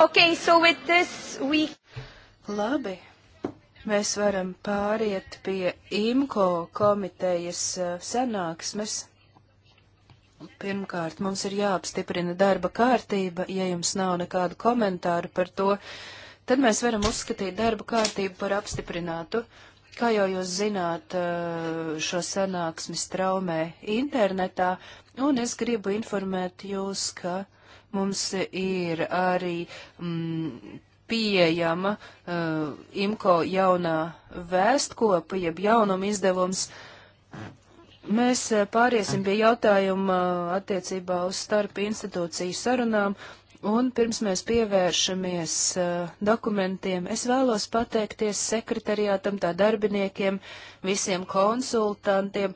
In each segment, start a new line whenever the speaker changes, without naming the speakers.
Okay, so with this we... Labi. Mēs varam pāriet pie IMCO komitejas uh, sanāksmes. Pirmkārt, mums ir jāapstiprina darba kārtība. Ja jums nav nekādu komentāru par to, tad mēs varam uzskatīt darba kārtību par apstiprinātu. Kā jau jūs zināt, uh, šo sanāksmi straumē internetā, un es gribu informēt jūs, ka Mums ir arī mm, pieejama uh, IMCO jaunā vēstkopa, jeb jaunuma izdevums. Mēs uh, pāriesim pie jautājuma uh, attiecībā uz starp institūciju sarunām, un pirms mēs pievēršamies uh, dokumentiem, es vēlos pateikties sekretariātam, tā darbiniekiem, visiem konsultantiem,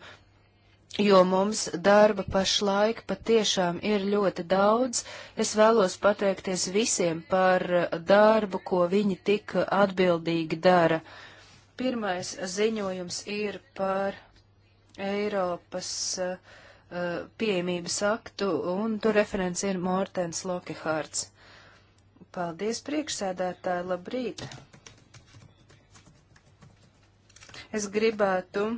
jo mums darba pašlaik patiešām ir ļoti daudz. Es vēlos pateikties visiem par darbu, ko viņi tik atbildīgi dara. Pirmais ziņojums ir par Eiropas uh, pieejamības aktu, un tur referents ir Mortens Lokehārds. Paldies, priekšsēdētāji, labrīt! Es gribētu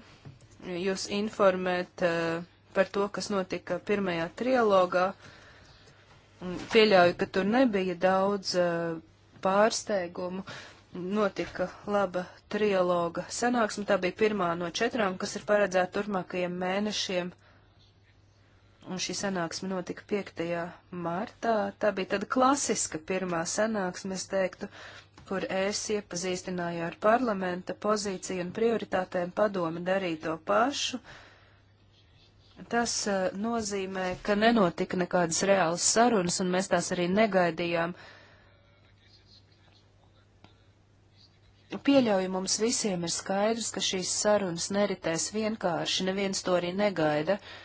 jūs informēt eh, par to, kas notika pirmajā trilogā. Pieļauju, ka tur nebija daudz eh, pārsteigumu. Notika laba trialoga sanāksme. Tā bija pirmā no četrām, kas ir paredzēta turpmākajiem mēnešiem. Un šī sanāksme notika 5. martā. Tā bija tāda klasiska pirmā sanāksme, es teiktu. Uh, kur es iepazīstināju ar parlamenta pozīciju un prioritātēm padomi darīt to pašu. Tas uh, nozīmē, ka nenotika nekādas reālas sarunas, un mēs tās arī negaidījām. Pieļauju mums visiem ir skaidrs, ka šīs sarunas neritēs vienkārši, neviens to arī negaida. Uh,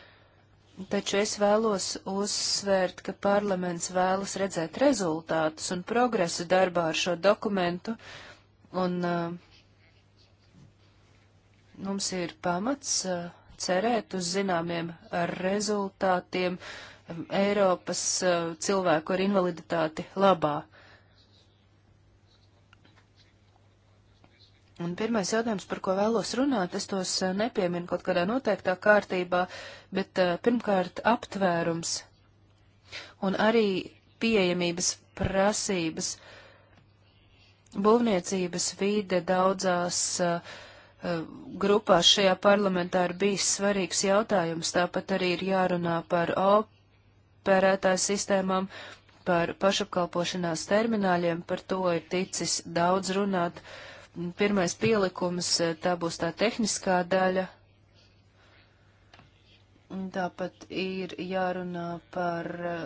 Taču es vēlos uzsvērt, ka parlaments vēlas redzēt rezultātus un progresu darbā ar šo dokumentu, un uh, mums ir pamats uh, cerēt uz zināmiem rezultātiem Eiropas uh, cilvēku ar invaliditāti labā. Un pirmais jautājums, par ko vēlos runāt, es tos eh, nepieminu kaut kādā noteiktā kārtībā, bet eh, pirmkārt aptvērums un arī pieejamības prasības, būvniecības vīde daudzās uh, grupās šajā parlamentā ir bijis svarīgs jautājums, tāpat arī ir jārunā par operētāju sistēmām, par pašapkalpošanās termināļiem, par to ir ticis daudz runāt. Uh, Pirmais pielikums, eh, tā būs tā tehniskā daļa. Tāpat ir jārunā par eh,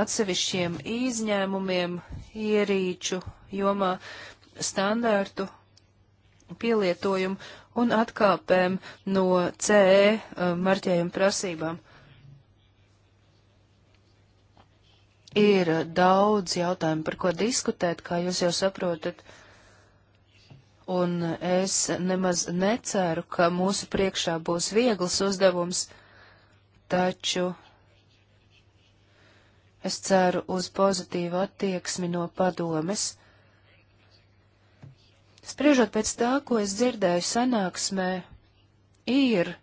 atsevišķiem izņēmumiem ierīču jomā standārtu pielietojumu un atkāpēm no CE eh, marķējuma prasībām. Ir daudz jautājumu, par ko diskutēt, kā jūs jau saprotat. Uh, un es nemaz neceru, ka mūsu priekšā būs viegls uzdevums, taču es ceru uz pozitīvu attieksmi no padomes. Spriežot pēc tā, ko es dzirdēju sanāksmē, ir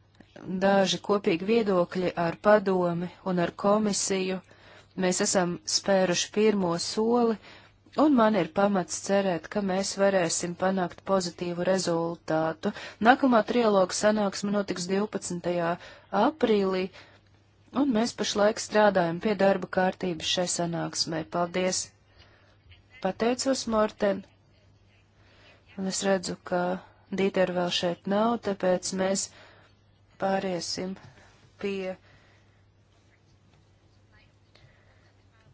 daži kopīgi viedokļi ar padomi un ar komisiju. Mēs esam spēruši pirmo soli, un man ir pamats cerēt, ka mēs varēsim panākt pozitīvu rezultātu. Nākamā trialoga sanāksme notiks 12. aprīlī, un mēs pašlaik strādājam pie darba kārtības šai sanāksmē. Paldies! Pateicos, Morten! Un es redzu, ka Dīter vēl šeit nav, tāpēc mēs pāriesim pie.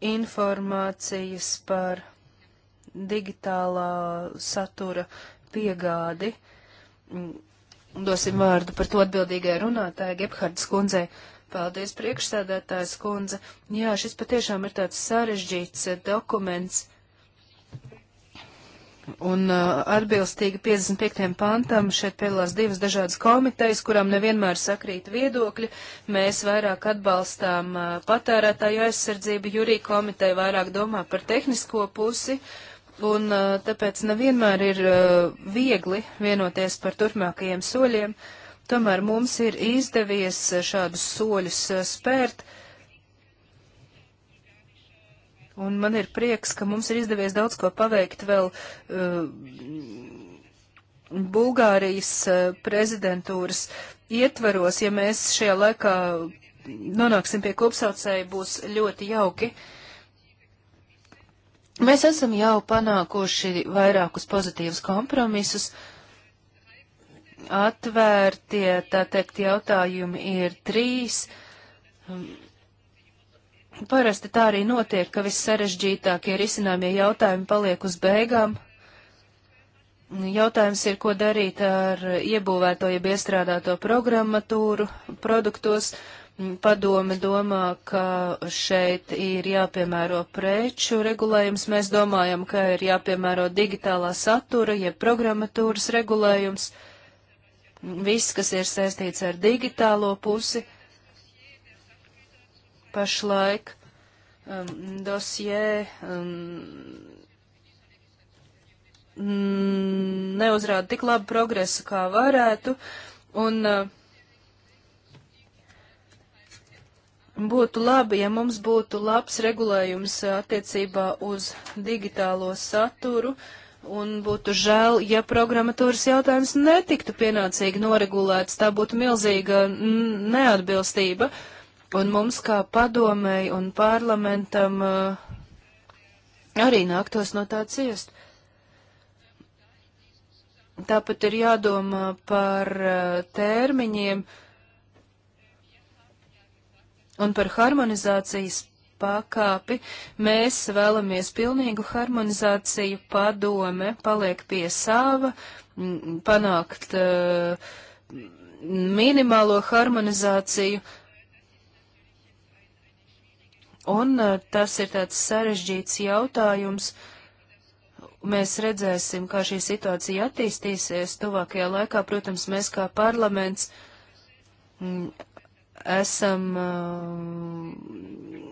informācijas par digitālā satura piegādi. Mm, Dosim vārdu par to atbildīgai runātāji Gebhardas kundzei. Paldies, priekšsēdētājs kundze. Jā, šis patiešām ir tāds sarežģīts eh, dokuments. Un uh, atbilstīgi 55. pantam šeit piedalās divas dažādas komitejas, kurām nevienmēr sakrīt viedokļi. Mēs vairāk atbalstām uh, patērētāju aizsardzību, jūrī komiteja vairāk domā par tehnisko pusi. Uh, un uh, tāpēc nevienmēr ir uh, viegli vienoties par turpmākajiem soļiem, tomēr mums ir izdevies uh, šādus soļus spērt, un man ir prieks, ka mums ir izdevies daudz ko paveikt vēl Bulgārijas prezidentūras ietvaros, ja mēs šajā laikā nonāksim pie kopsaucēja, būs ļoti jauki. Uh, Mēs esam jau panākuši vairākus pozitīvus kompromisus. Atvērtie, tā teikt, jautājumi ir trīs. Parasti tā arī notiek, ka vissarežģītākie risināmie jautājumi paliek uz beigām. Jautājums ir, ko darīt ar iebūvēto, jeb iestrādāto programmatūru produktos. Uh, Padome domā, ka šeit ir jāpiemēro preču regulējums. Mēs domājam, ka ir jāpiemēro digitālā satura, jeb ja programmatūras regulējums. Viss, kas ir saistīts ar digitālo pusi pašlaik um, dosie um, mm, neuzrāda tik labu progresu, kā varētu. Un, uh, Būtu labi, ja mums būtu labs regulējums eh, attiecībā uz digitālo saturu, un būtu žēl, ja programmatūras jautājums netiktu pienācīgi noregulēts. Tā būtu milzīga neatbilstība, un mums kā padomēji un parlamentam eh, arī nāktos no tā ciest. Tāpat ir jādomā par eh, termiņiem. Uh, Un par harmonizācijas pakāpi mēs vēlamies pilnīgu harmonizāciju, padome paliek pie sava, panākt uh, minimālo harmonizāciju. Un uh, tas ir tāds sarežģīts jautājums. Mēs redzēsim, kā šī situācija attīstīsies tuvākajā laikā. Protams, mēs kā parlaments mm, esam uh,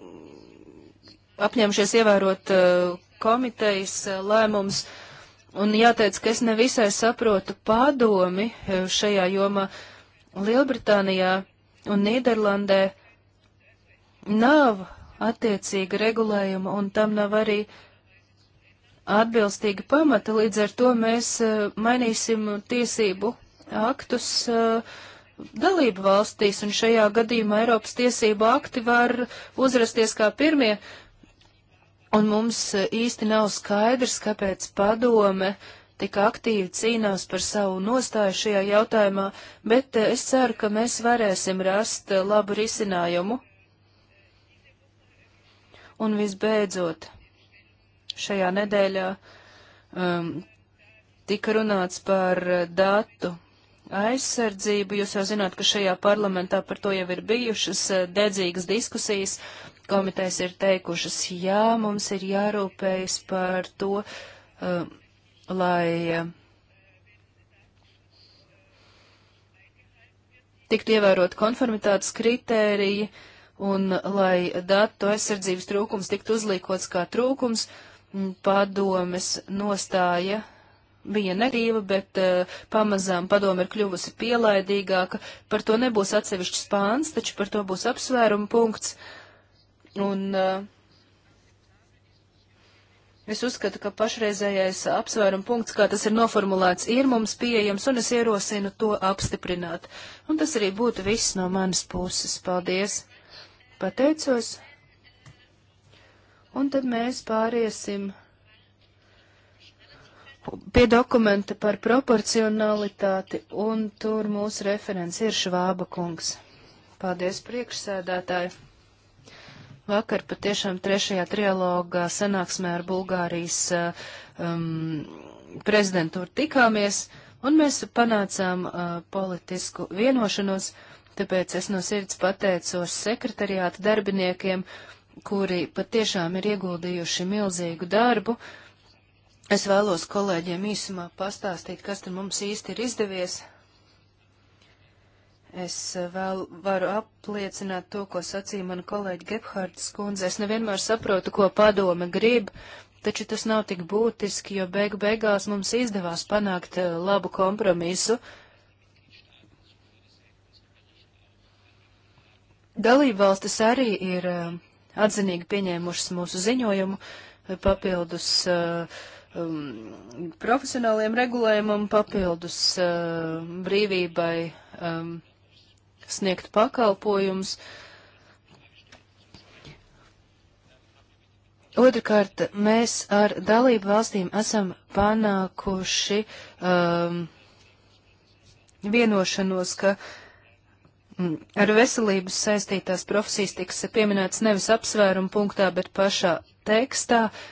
apņemšies ievērot uh, komitejas uh, lēmums. Un jāteic, ka es nevisai saprotu padomi šajā jomā Lielbritānijā un Nīderlandē nav attiecīga regulējuma un tam nav arī atbilstīga pamata, līdz ar to mēs mainīsim tiesību aktus uh, dalību valstīs, un šajā gadījumā Eiropas tiesība akti var uzrasties kā pirmie, un mums e, īsti nav skaidrs, kāpēc padome tik aktīvi cīnās par savu nostāju šajā jautājumā, bet e, es ceru, ka mēs varēsim rast e, labu risinājumu. Un visbeidzot, šajā nedēļā um, tika runāts par datu aizsardzību. Jūs jau zināt, ka šajā parlamentā par to jau ir bijušas eh, dedzīgas diskusijas. Komitejas ir teikušas, jā, mums ir jārūpējas par to, uh, lai uh, tiktu ievērot konformitātes kritēriji un lai datu aizsardzības trūkums tiktu uzlīkots kā trūkums, padomes nostāja bija negatīva, bet uh, pamazām padoma ir kļuvusi pielaidīgāka. Par to nebūs atsevišķs pāns, taču par to būs apsvērumu punkts. Un uh, es uzskatu, ka pašreizējais apsvērumu punkts, kā tas ir noformulēts, ir mums pieejams, un es ierosinu to apstiprināt. Un tas arī būtu viss no manas puses. Paldies! Pateicos! Un tad mēs pāriesim pie dokumenta par proporcionalitāti, un tur mūsu referents ir Švāba kungs. Paldies priekšsēdētāji. Vakar patiešām trešajā trialogā sanāksmē ar Bulgārijas eh, um, prezidentūru tikāmies, un mēs panācām uh, politisku vienošanos, tāpēc es no sirds pateicos sekretariāta darbiniekiem, kuri patiešām ir ieguldījuši milzīgu darbu, uh, Es vēlos kolēģiem īsumā pastāstīt, kas tad mums īsti ir izdevies. Es eh, vēl varu apliecināt to, ko sacīja mana kolēģa Gebhārdas kundze. Es nevienmēr saprotu, ko padome grib, taču tas nav tik būtiski, jo beigu beigās mums izdevās panākt eh, labu kompromisu. Dalībvalstis arī ir eh, atzinīgi pieņēmušas mūsu ziņojumu papildus uh, um, profesionāliem regulējumam papildus uh, brīvībai um, sniegt pakalpojumus. Otrakārt, mēs ar dalību valstīm esam panākuši um, vienošanos, ka mm, ar veselības saistītās profesijas tiks pieminētas nevis apsvērumu punktā, bet pašā tekstā. Uh,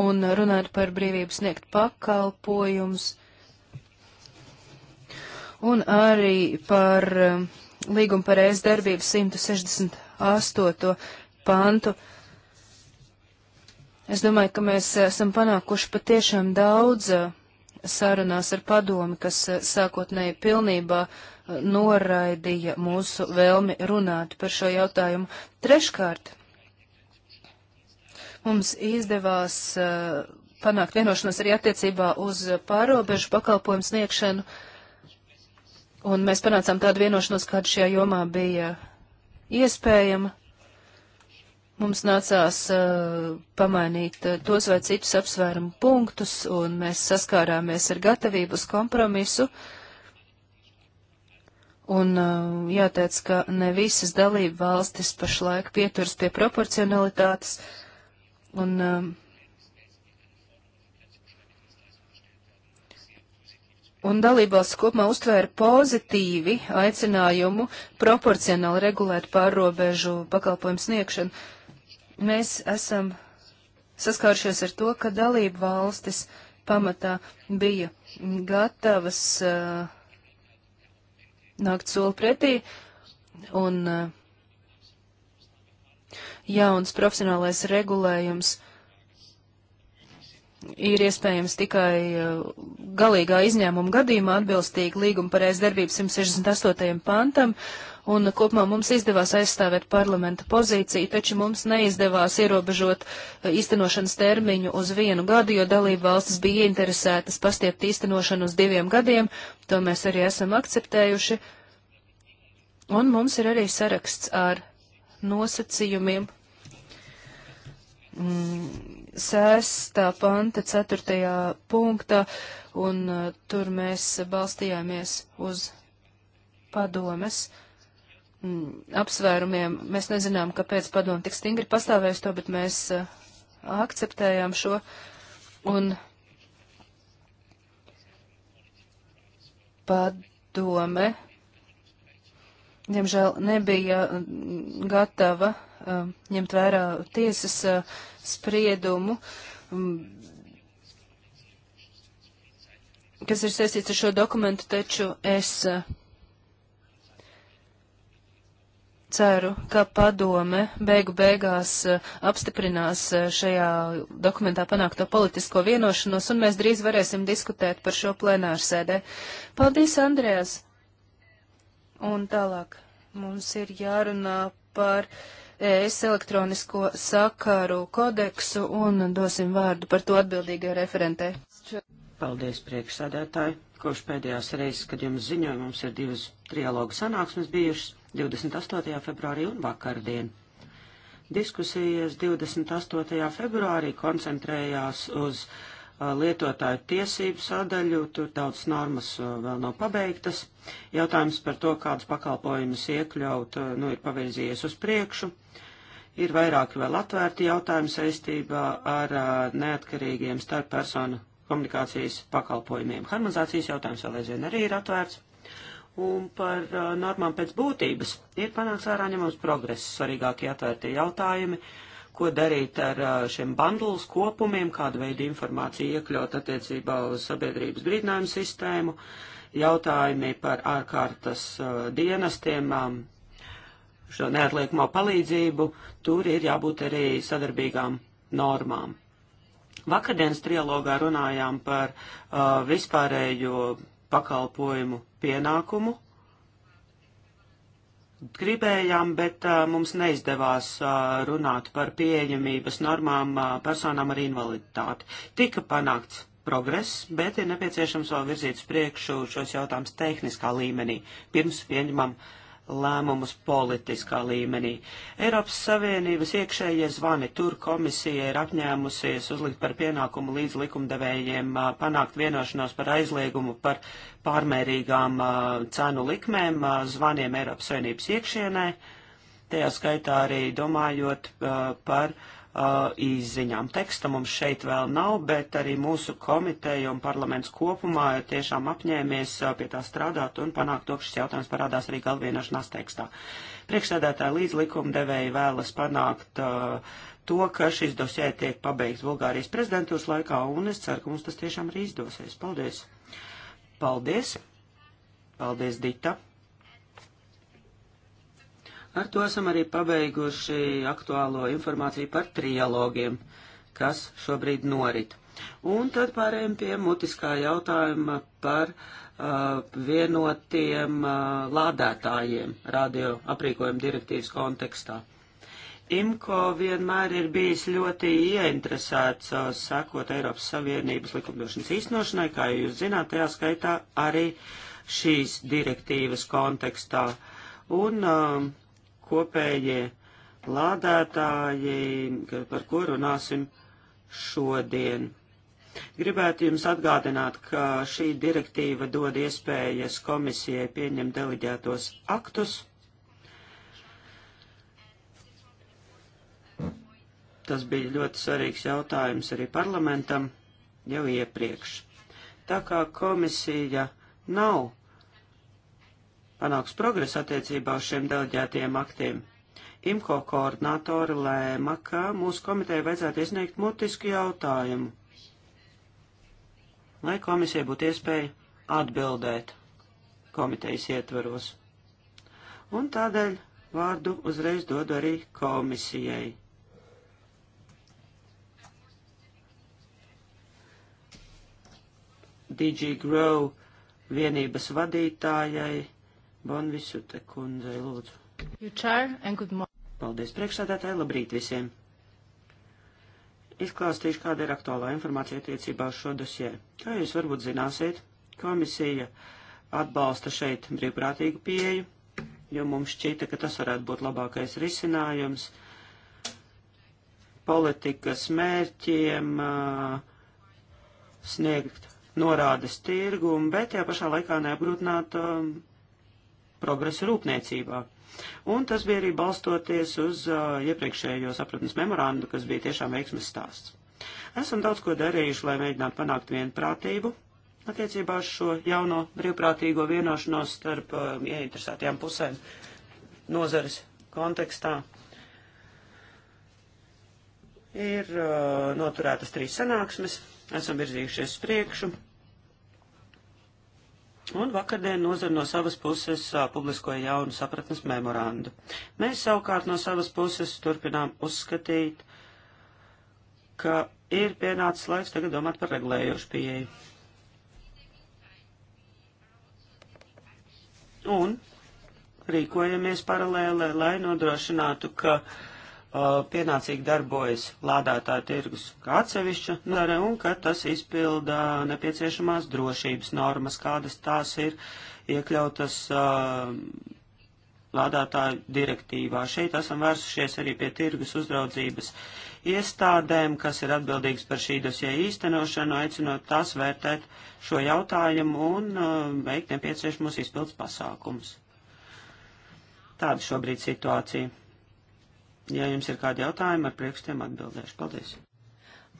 un runāt par brīvību sniegt pakalpojums un arī par um, līgumu par ēst darbību 168. pantu. Es domāju, ka mēs uh, esam panākuši patiešām daudz uh, sarunās ar padomi, kas uh, sākotnēji pilnībā noraidīja mūsu vēlmi runāt par šo jautājumu. Treškārt, Mums izdevās eh, panākt vienošanos arī attiecībā uz pārobežu pakalpojumu sniegšanu, un mēs panācām tādu vienošanos, kāda šajā jomā bija iespējama. Mums nācās uh, pamainīt uh, tos vai citus apsvērumu punktus, un mēs saskārāmies ar gatavību uz kompromisu. Un uh, jāteic, ka ne visas dalība valstis pašlaik pieturas pie proporcionalitātes. Uh, Un um, Un dalībvalsts kopumā uztvēra pozitīvi aicinājumu proporcionāli regulēt pārrobežu pakalpojumu sniegšanu. Mēs esam saskāršies ar to, ka dalību valstis pamatā bija gatavas uh, nākt soli pretī un uh, jauns profesionālais regulējums ir iespējams tikai uh, galīgā izņēmuma gadījumā atbilstīgi līguma par ēstdarbību 168. pantam, un kopumā mums izdevās aizstāvēt parlamenta pozīciju, taču mums neizdevās ierobežot uh, īstenošanas termiņu uz vienu gadu, jo dalība valstis bija interesētas pastiept īstenošanu uz diviem gadiem, to mēs arī esam akceptējuši, un mums ir arī saraksts ar nosacījumiem Mm, sestā panta ceturtajā punktā, un uh, tur mēs balstījāmies uz padomes mm, apsvērumiem. Mēs nezinām, kāpēc padomu tik stingri pastāvēs to, bet mēs uh, akceptējām šo. Un padome diemžēl nebija mm, gatava mm, ņemt vērā tiesas mm, spriedumu, kas ir saistīts ar šo dokumentu, taču es ceru, ka padome beigu beigās apstiprinās šajā dokumentā panākto politisko vienošanos, un mēs drīz varēsim diskutēt par šo plenārsēdē. Paldies, Andrēs! Un tālāk mums ir jārunā par ES elektronisko sakaru kodeksu un dosim vārdu par to atbildīgajai referentē.
Paldies, priekšsādētāji. Kopš pēdējās reizes, kad jums ziņoja, mums ir divas trialogu sanāksmes bijušas 28. februārī un vakardien. Diskusijas 28. februārī koncentrējās uz uh, lietotāju tiesību sadaļu, tur daudz normas vēl nav pabeigtas. Jautājums par to, kādus pakalpojumus iekļaut, nu, ir pavirzījies uz priekšu. Ir vairāki vēl atvērti jautājumi saistībā ar neatkarīgiem starppersonu komunikācijas pakalpojumiem. Harmonizācijas jautājums vēl aizvien arī ir atvērts. Un par normām pēc būtības ir panāks ārā ņemams progress svarīgākie atvērtie jautājumi. Uh, ko darīt ar šiem bundles kopumiem, kādu veidu informāciju iekļaut attiecībā uz sabiedrības brīdinājumu sistēmu, jautājumi par ārkārtas dienestiem, šo neatliekamo palīdzību, tur ir jābūt arī sadarbīgām normām. Vakardienas trialogā runājām par uh, vispārējo pakalpojumu pienākumu gribējām, bet uh, mums neizdevās uh, runāt par pieejamības normām uh, personām ar invaliditāti. Tika panākts progress, bet ir nepieciešams vēl virzīt uz priekšu šos jautājumus tehniskā līmenī, pirms pieņemam uh, lēmumus politiskā līmenī. Eiropas Savienības iekšējie zvani tur komisija ir apņēmusies uzlikt par pienākumu līdz likumdevējiem panākt vienošanos par aizliegumu par pārmērīgām cenu likmēm zvaniem Eiropas Savienības iekšienē, tajā skaitā arī domājot par uh, izziņām. Teksta mums šeit vēl nav, bet arī mūsu komiteja un parlaments kopumā ir tiešām apņēmies uh, pie tā strādāt un panākt to, ka šis jautājums parādās arī galvienošanās tekstā. Priekšsēdētāji līdz likumdevēji vēlas panākt uh, to, ka šis dosē tiek pabeigts Bulgārijas prezidentūras laikā, un es ceru, ka mums tas tiešām arī izdosies. Paldies! Paldies! Paldies, Dita! Ar to esam arī pabeiguši aktuālo informāciju par trialogiem, kas šobrīd norit. Un tad pārējiem pie mutiskā jautājuma par uh, vienotiem uh, lādētājiem radio aprīkojuma direktīvas kontekstā. IMCO vienmēr ir bijis ļoti ieinteresēts uh, sekot Eiropas Savienības likumdošanas īstenošanai, kā jūs zināt, tajā skaitā arī šīs direktīvas kontekstā. Un uh, kopējie lādētāji, par ko runāsim šodien. Gribētu jums atgādināt, ka šī direktīva dod iespējas komisijai pieņemt deleģētos aktus. Tas bija ļoti svarīgs jautājums arī parlamentam jau iepriekš. Tā kā komisija nav panāks progres attiecībā uz šiem deleģētiem aktiem. IMCO koordinātori lēma, ka mūsu komiteja vajadzētu iesniegt mutisku jautājumu, lai komisija būtu iespēja atbildēt komitejas ietvaros. Un tādēļ vārdu uzreiz dodu arī komisijai. DG Grow vienības vadītājai Bonvisute kundzei lūdzu. Paldies priekšsādātāji, labrīt visiem! Izklāstīšu, kāda ir aktuālā informācija attiecībā uz šo dosē. Kā jūs varbūt zināsiet, komisija atbalsta šeit brīvprātīgu pieeju, jo mums šķita, ka tas varētu būt labākais risinājums politikas mērķiem sniegt norādes tirgumu, bet tajā pašā laikā neapgrūtināt um, progresu rūpniecībā. Un tas bija arī balstoties uz uh, iepriekšējo sapratnes memorandu, kas bija tiešām veiksmes stāsts. Esam daudz ko darījuši, lai mēģinātu panākt vienprātību attiecībā uz šo jauno brīvprātīgo vienošanos starp uh, ieinteresētajām pusēm nozares kontekstā. Ir uh, noturētas trīs sanāksmes, esam virzījušies priekšu, Un vakardien nozara no savas puses uh, publiskoja jaunu sapratnes memorandu. Mēs savukārt no savas puses turpinām uzskatīt, ka ir pienācis laiks tagad domāt par regulējošu pieeju. Un rīkojamies paralēli, lai nodrošinātu, ka uh, Uh, pienācīgi darbojas lādētāja tirgus kā atsevišķa nare un ka tas izpilda nepieciešamās drošības normas, kādas tās ir iekļautas uh, lādētāju direktīvā. Šeit esam vērsušies arī pie tirgus uzraudzības iestādēm, kas ir atbildīgas par šī dosie īstenošanu, aicinot tās vērtēt šo jautājumu un uh, veikt nepieciešamos izpildus pasākumus. Tāda šobrīd situācija. Ja jums ir kādi jautājumi, ar prieku tiem atbildēšu. Paldies!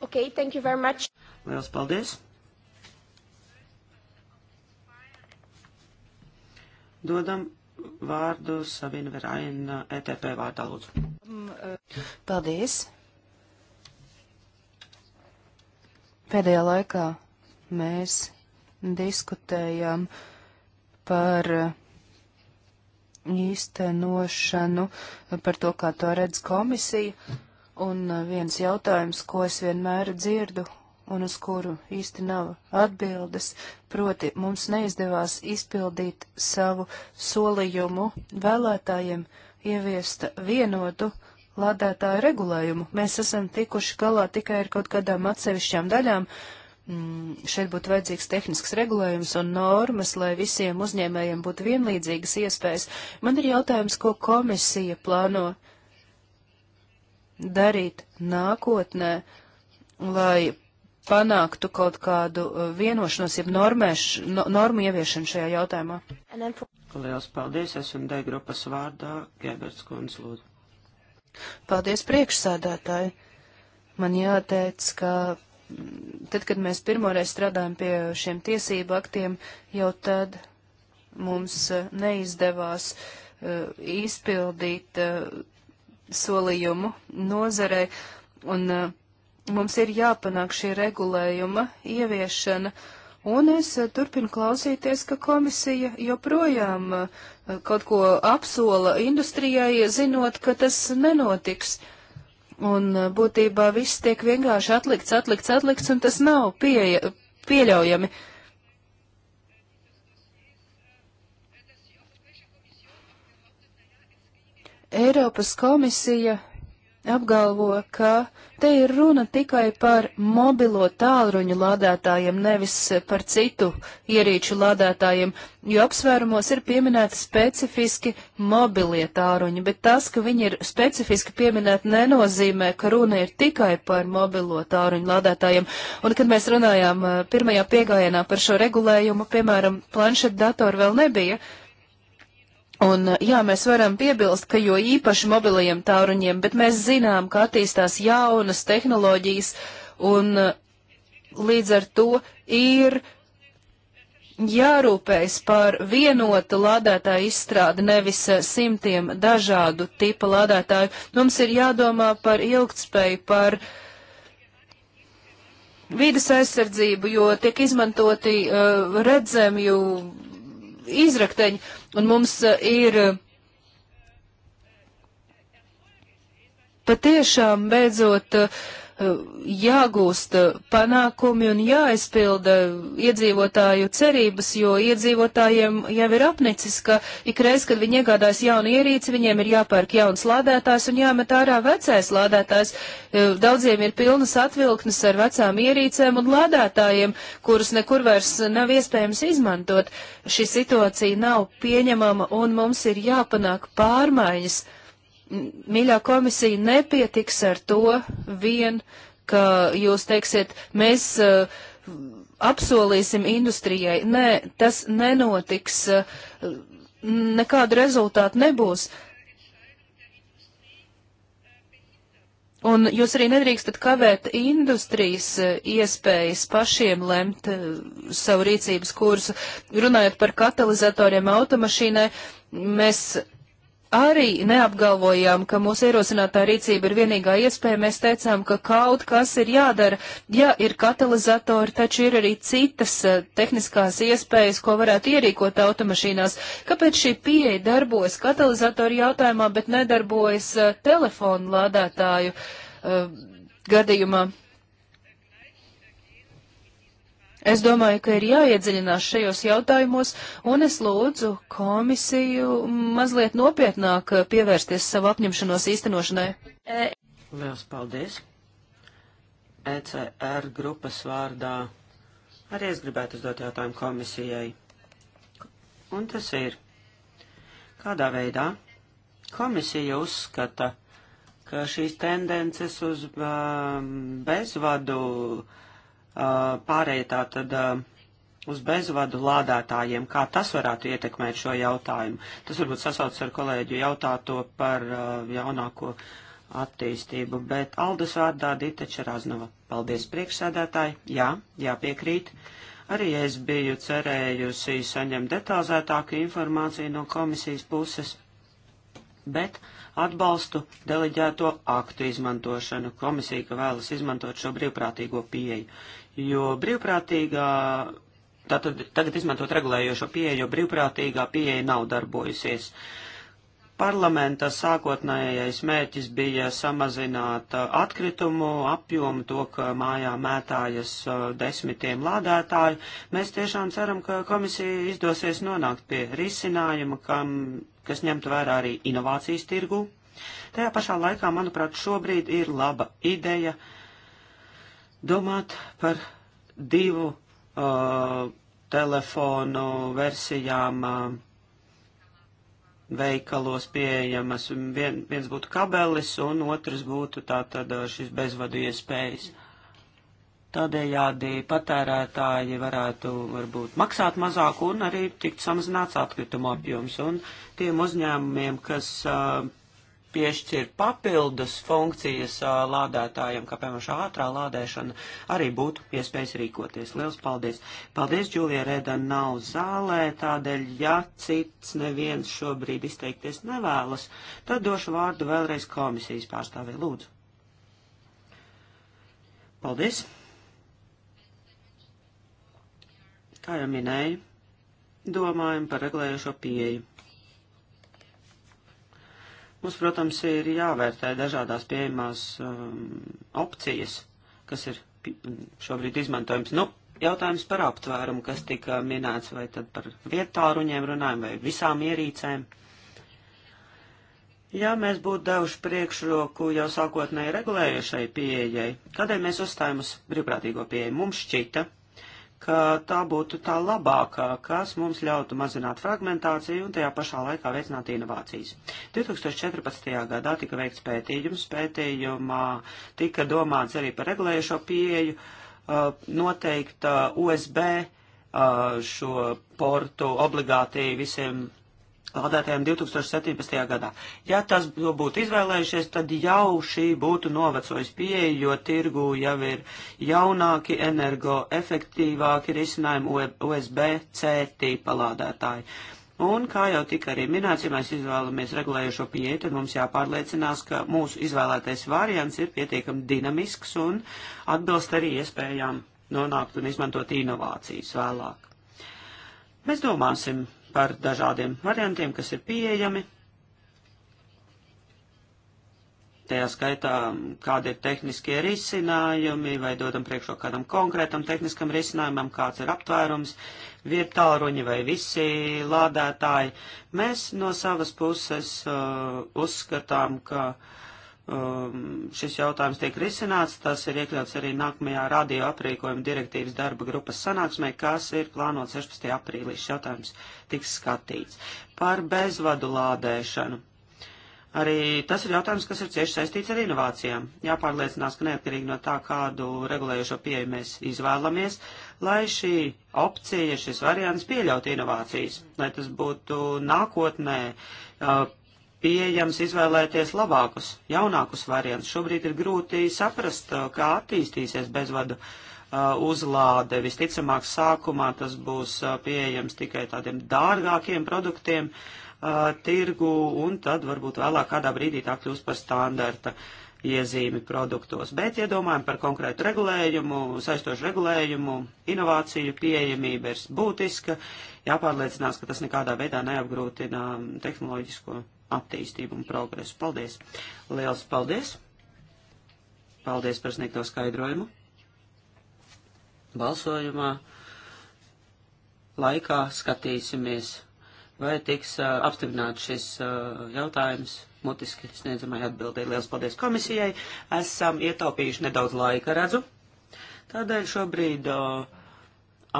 Ok, thank you very much.
Lielas paldies! Dodam vārdu Sabina Veraina ETP vārdā, lūdzu.
Paldies! Pēdējā laikā mēs diskutējam par īstenošanu, par to, kā to redz komisija. Un uh, viens jautājums, ko es vienmēr dzirdu un uz kuru īsti nav atbildes, proti mums neizdevās izpildīt savu solījumu vēlētājiem ieviest vienotu lādētāju regulējumu. Mēs esam tikuši galā tikai ar kaut kādām atsevišķām daļām, uh, Mm, šeit būtu vajadzīgs tehnisks regulējums un normas, lai visiem uzņēmējiem būtu vienlīdzīgas iespējas. Man ir jautājums, ko komisija plāno darīt nākotnē, lai panāktu kaut kādu uh, vienošanos, jeb normēš, no, normu ieviešanu šajā jautājumā.
Lielas paldies, esmu D grupas vārdā, Geberts Konslūdzu.
Paldies priekšsādātāji. Man jāteic, ka tad, kad mēs pirmoreiz strādājam pie šiem tiesību aktiem, jau tad mums e, neizdevās e, izpildīt e, solījumu nozarei, un mums ir jāpanāk šī regulējuma ieviešana. Un es turpinu klausīties, ka komisija joprojām kaut ko apsola industrijai, zinot, ka tas nenotiks. Uh, Un uh, būtībā viss tiek vienkārši atlikts, atlikts, atlikts, un tas nav pieeja, pieļaujami. Eiropas komisija apgalvo, ka te ir runa tikai par mobilo tālruņu lādētājiem, nevis par citu ierīču lādētājiem, jo apsvērumos ir pieminēti specifiski mobilie tālruņi, bet tas, ka viņi ir specifiski pieminēti, nenozīmē, ka runa ir tikai par mobilo tālruņu lādētājiem. Un, kad mēs runājām eh, pirmajā piegājienā par šo regulējumu, piemēram, planšetdatoru vēl nebija, Un, jā, mēs varam piebilst, ka jo īpaši mobilajiem tāruņiem, bet mēs zinām, ka attīstās jaunas tehnoloģijas, un līdz ar to ir jārūpējas par vienotu lādētāju izstrādi, nevis simtiem dažādu tipa lādētāju. Mums ir jādomā par ilgtspēju, par vīdes aizsardzību, jo tiek izmantoti uh, redzemju izrakteņi. Un mums eh, ir eh, patiešām beidzot eh, jāgūst panākumi un jāaizpilda iedzīvotāju cerības, jo iedzīvotājiem jau ir apnicis, ka ikreiz, kad viņi iegādājas jaunu ierīci, viņiem ir jāpērk jauns lādētājs un jāmet ārā vecais lādētājs. E, daudziem ir pilnas atvilknes ar vecām ierīcēm un lādētājiem, kurus nekur vairs nav iespējams izmantot. Šī situācija nav pieņemama un mums ir jāpanāk pārmaiņas mīļā komisija, nepietiks ar to vien, ka jūs teiksiet, mēs uh, apsolīsim industrijai. Nē, tas nenotiks, uh, nekādu rezultātu nebūs. Un jūs arī nedrīkstat kavēt industrijas uh, iespējas pašiem lemt uh, savu rīcības kursu. Runājot par katalizatoriem automašīnai, mēs arī neapgalvojām, ka mūsu ierosinātā rīcība ir vienīgā iespēja. Mēs teicām, ka kaut kas ir jādara. Jā, ir katalizatori, taču ir arī citas uh, tehniskās iespējas, ko varētu ierīkot automašīnās. Kāpēc šī pieeja darbojas katalizatori jautājumā, bet nedarbojas uh, telefonu lādētāju uh, gadījumā? Es domāju, ka ir jāiedziļinās šajos jautājumos, un es lūdzu komisiju mazliet nopietnāk pievērsties savu apņemšanos īstenošanai.
Liels paldies! ECR grupas vārdā arī es gribētu uzdot jautājumu komisijai. Un tas ir, kādā veidā komisija uzskata, ka šīs tendences uz um, bezvadu uh, pārēja tātad uz bezvadu lādētājiem, kā tas varētu ietekmēt šo jautājumu. Tas varbūt sasaucas ar kolēģu jautāto par jaunāko attīstību, bet Aldus vārdā Dita Čeraznova. Paldies priekšsēdētāji, jā, jā piekrīt. Arī es biju cerējusi saņemt detalizētāku informāciju no komisijas puses, bet atbalstu deleģēto aktu izmantošanu. Komisija, ka vēlas izmantot šo brīvprātīgo pieeju jo brīvprātīgā, tātad tagad izmantot regulējošo pieeju, jo brīvprātīgā pieeja nav darbojusies. Parlamenta sākotnējais mērķis bija samazināt uh, atkritumu apjomu, to, ka mājā mētājas uh, desmitiem lādētāju. Mēs tiešām ceram, ka komisija izdosies nonākt pie risinājuma, kam, kas ņemtu vērā arī inovācijas tirgu. Tajā pašā laikā, manuprāt, šobrīd ir laba ideja uh, domāt par divu uh, telefonu versijām uh, veikalos pieejamas. Vien, viens būtu kabelis un otrs būtu tātad šis bezvadu iespējas. Tādējādi patērētāji varētu varbūt maksāt mazāk un arī tikt samazināts atkritumu apjoms. Un tiem uzņēmumiem, kas uh, piešķir papildus funkcijas uh, lādētājiem, kā piemēram šā ātrā lādēšana, arī būtu iespējas rīkoties. Liels paldies! Paldies, Džulija Reda nav zālē, tādēļ, ja cits neviens šobrīd izteikties nevēlas, tad došu vārdu vēlreiz komisijas pārstāvē. Lūdzu! Paldies! Kā jau minēju, domājam par regulējušo pieeju Mums, protams, ir jāvērtē dažādās pieejamās um, opcijas, kas ir um, šobrīd izmantojams. Nu, jautājums par aptvērumu, kas tika minēts, vai tad par vietāruņiem runājam, vai visām ierīcēm. Ja mēs būtu devuši priekšroku jau sākotnēji regulējušai pieejai, kādēļ mēs uzstājām uz brīvprātīgo pieeju? Mums šķita, ka tā būtu tā labākā, kas mums ļautu mazināt fragmentāciju un tajā pašā laikā veicināt inovācijas. 2014. gadā tika veikts pētījums, pētījumā tika domāts arī par regulējušo pieeju, noteikta USB šo portu obligāti visiem lādētājiem 2017. gadā. Ja tas būtu izvēlējušies, tad jau šī būtu novecojis pieeja, jo tirgu jau ir jaunāki, energoefektīvāki risinājumi USB-C e- tīpa lādētāji. Un, kā jau tika arī minēts, ja mēs izvēlamies regulējušo pieeju, tad mums jāpārliecinās, ka mūsu izvēlētais variants ir pietiekami dinamisks un atbilst arī iespējām nonākt un izmantot inovācijas vēlāk. Mēs domāsim par dažādiem variantiem, kas ir pieejami. Tajā skaitā, kādi ir tehniskie risinājumi, vai dodam priekšroku kādam konkrētam tehniskam risinājumam, kāds ir aptvērums, vietāluņi vai visi lādētāji. Mēs no savas puses uh, uzskatām, ka uh, um, šis jautājums tiek risināts. Tas ir iekļauts arī nākamajā radioaprīkojuma direktīvas darba grupas sanāksmē, kas ir plānot 16. aprīlī. Šis jautājums tiks skatīts. Par bezvadu lādēšanu. Arī tas ir jautājums, kas ir cieši saistīts ar inovācijām. Jāpārliecinās, ka neatkarīgi no tā, kādu regulējošo pieeju mēs izvēlamies, lai šī opcija, šis variants pieļaut inovācijas, lai tas būtu nākotnē uh, pieejams izvēlēties labākus, jaunākus variantus. Šobrīd ir grūti saprast, uh, kā attīstīsies bezvadu uh, uzlāde. Visticamāk, sākumā tas būs uh, pieejams tikai tādiem dārgākiem produktiem uh, tirgu, un tad varbūt vēlāk kādā brīdī tā kļūs par standarta iezīmi produktos. Bet iedomājam ja par konkrētu regulējumu, saistošu regulējumu, inovāciju pieejamība ir būtiska, jāpārliecinās, ka tas nekādā veidā neapgrūtina um, tehnoloģisko attīstību un progresu. Paldies! Liels paldies! Paldies par sniegto skaidrojumu! Balsojumā laikā skatīsimies, vai tiks uh, apstiprināts šis uh, jautājums mutiski sniedzamai atbildē. Liels paldies komisijai! Esam ietaupījuši nedaudz laika, redzu. Tādēļ šobrīd uh,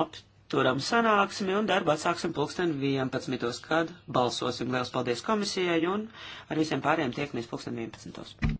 apstiprināts Turam sanāksmi un darbu atsāksim pulksten 11, kad balsosim. Liels paldies komisijai un ar visiem pārējiem tiekamies pulksten 11.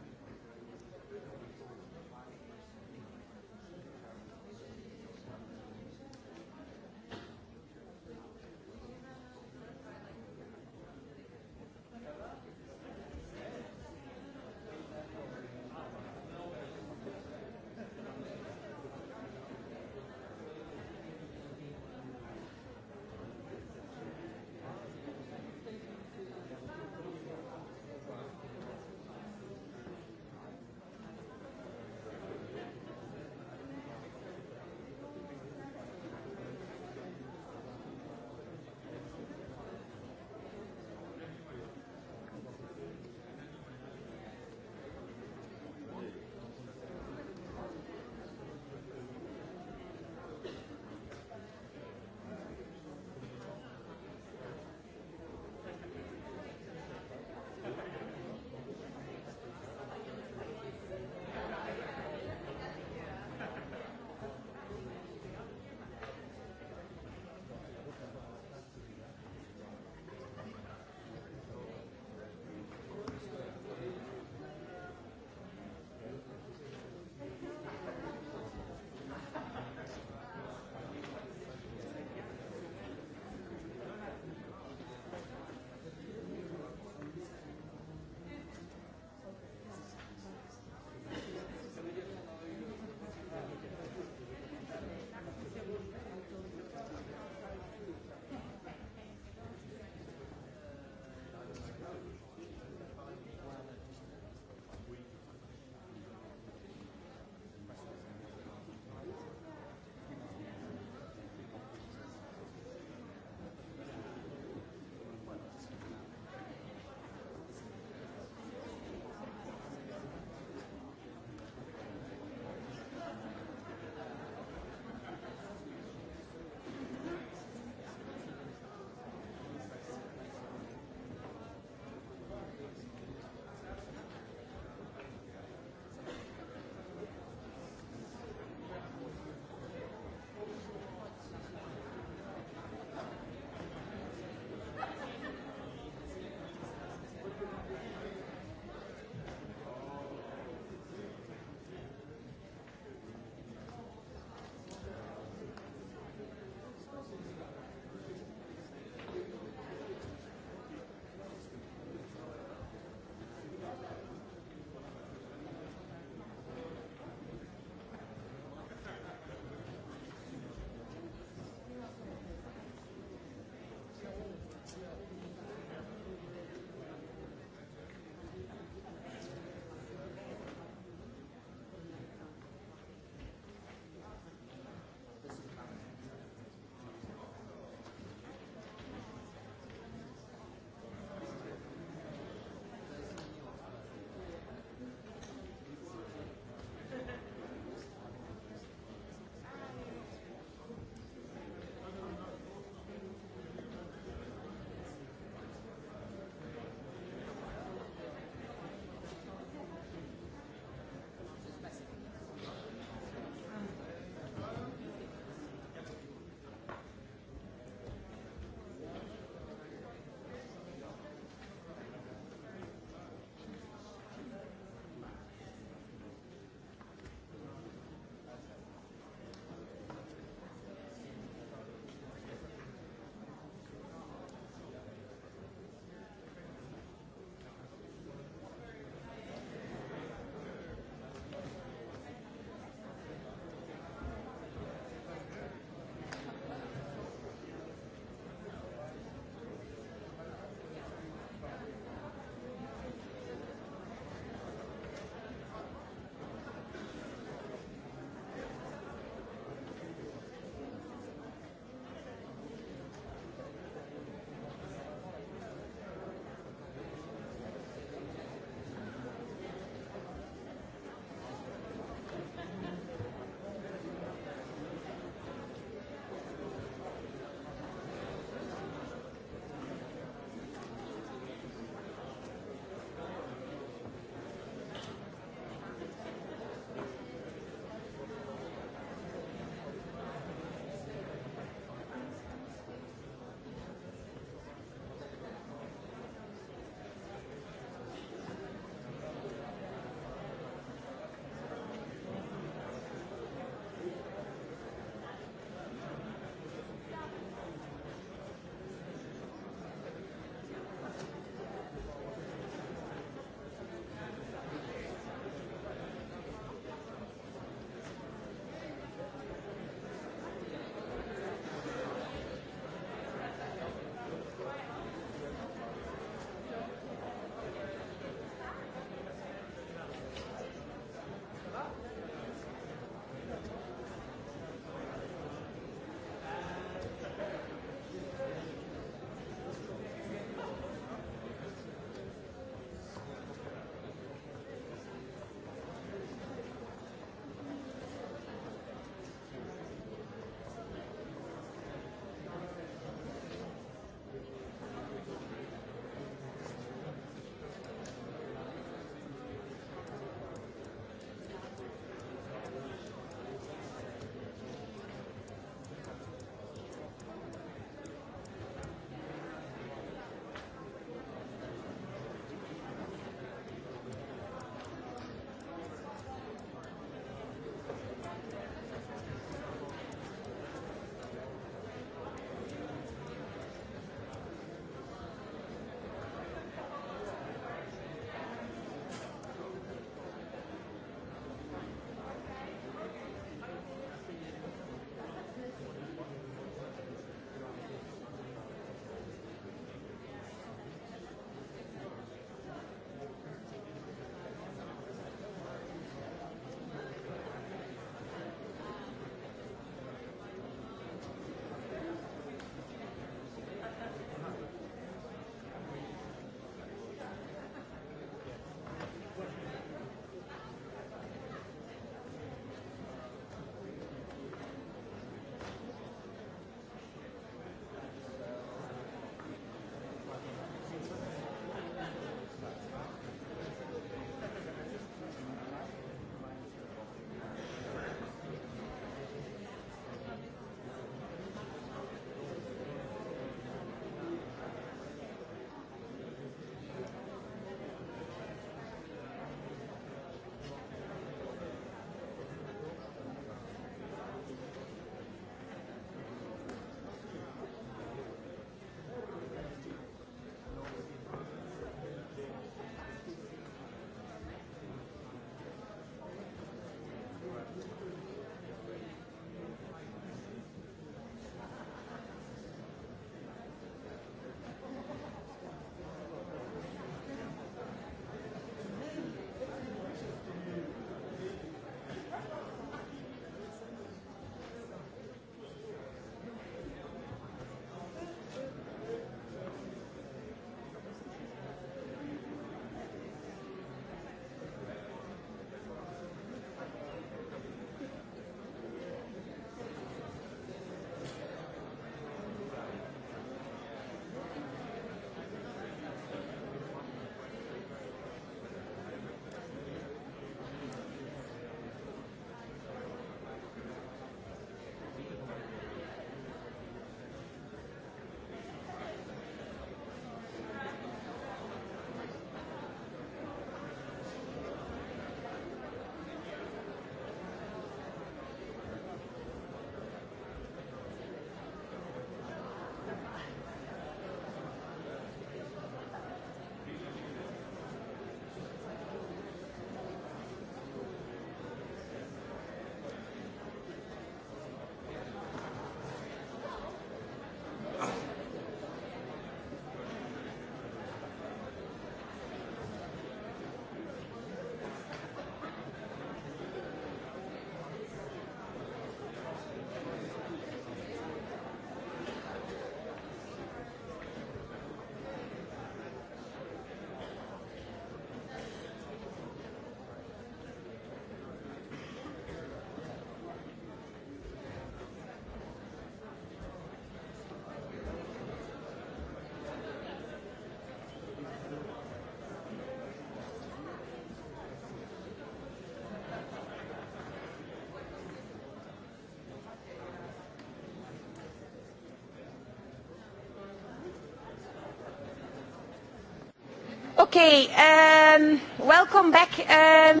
Okay, um, welcome back. Um.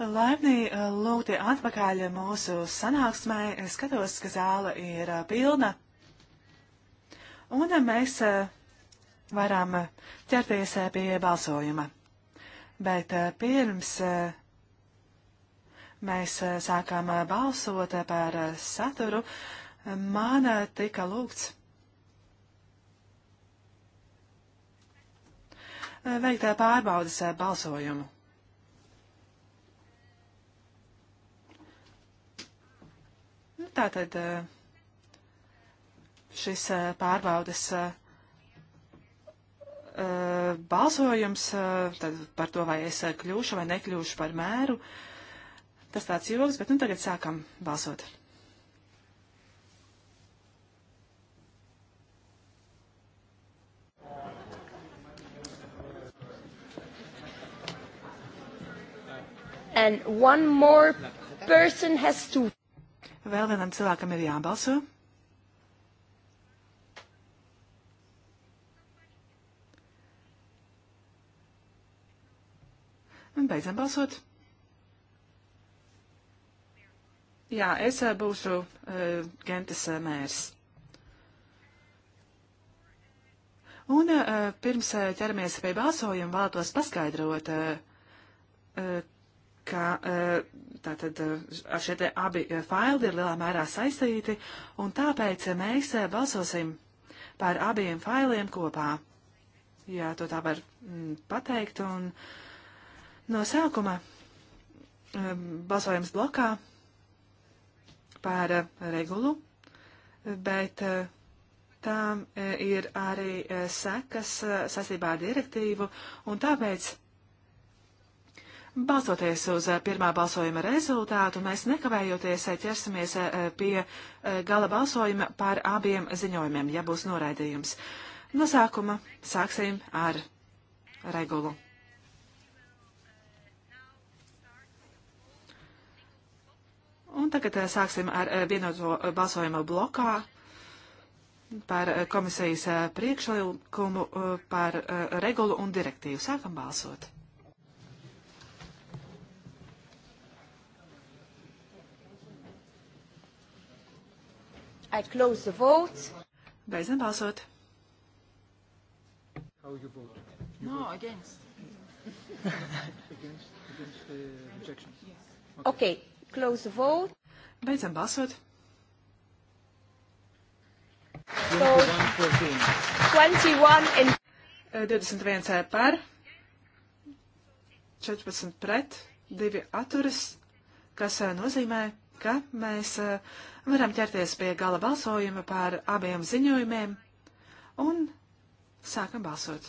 Laipni uh, lūgti atpakaļ mūsu sanāksmē. Es skatos, ka zāle ir uh, pilna. Un uh, mēs varam ķerties pie balsojuma. Bet pirms mēs sākām balsot par saturu, man tika lūgts Eh, veikt pārbaudas eh, balsojumu. Nu, Tātad eh, šis pārbaudas balsojums par to, vai es kļūšu vai nekļūšu par mēru, tas tāds joks, bet nu tagad sākam balsot. And one more person has to. Vēl vienam cilvēkam ir jābalso. Un beidzam balsot. Jā, es eh, būšu uh, eh, Gentes uh, eh, mērs. Un uh, pirms uh, ķeramies pie balsojuma, vēlētos paskaidrot, uh, uh, ka e, tātad e, šie te abi e, faili ir lielā mērā saistīti, un tāpēc mēs balsosim par abiem failiem kopā. Jā, to tā var mm, pateikt, un no sākuma balsojums blokā par regulu, bet tām ir arī sekas sasībā ar direktīvu, un tāpēc Balstoties uz eh, pirmā balsojuma rezultātu, mēs nekavējoties eh, ķersimies eh, pie gala balsojuma par abiem ziņojumiem, ja būs noraidījums. No sākuma sāksim ar regulu. Un tagad sāksim ar vienoto balsojumu blokā par komisijas priekšlikumu par regulu un direktīvu. Sākam balsot. I close the vote. Beidzam balsot.
How you vote? You no, vote. against. against, against the rejection. Yes. Okay. okay,
close the vote. Beidzam balsot.
So,
21 and 21 par, 14 pret, 2 atturas, kas uh, nozīmē, ka mēs uh, varam ķerties pie gala balsojuma par abiem ziņojumiem un sākam balsot.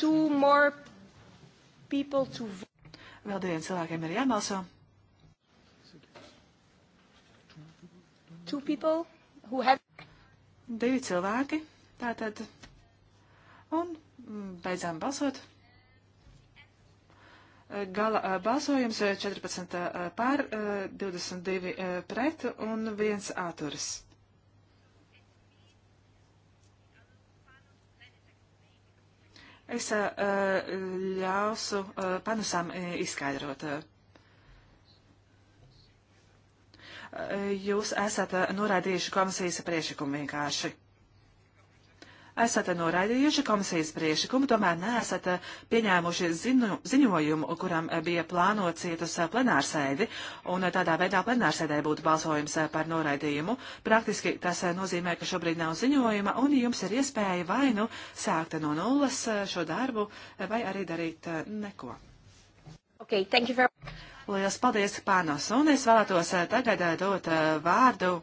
Two more
people to vote. Vēl diviem cilvēkiem ir jābalso. Two people who have. Divi cilvēki. Tātad Un mm, beidzām balsot. Gala balsojums 14 pār, 22 pret un 1 atturis. Es ļausu panusam izskaidrot. Jūs esat norādījuši komisijas priešlikumu vienkārši esat noraidījuši komisijas priešlikumu, tomēr neesat eh, pieņēmuši ziņu, ziņojumu, kuram eh, bija plānots iet uz eh, plenārsēdi, un tādā veidā plenārsēdē būtu balsojums par noraidījumu. Praktiski tas nozīmē, ka šobrīd nav ziņojuma, un jums ir iespēja vai nu sākt no nulles šo darbu, vai arī darīt neko. Okay, thank you very much. Lielas paldies, Pānos, un es vēlētos tagad dot vārdu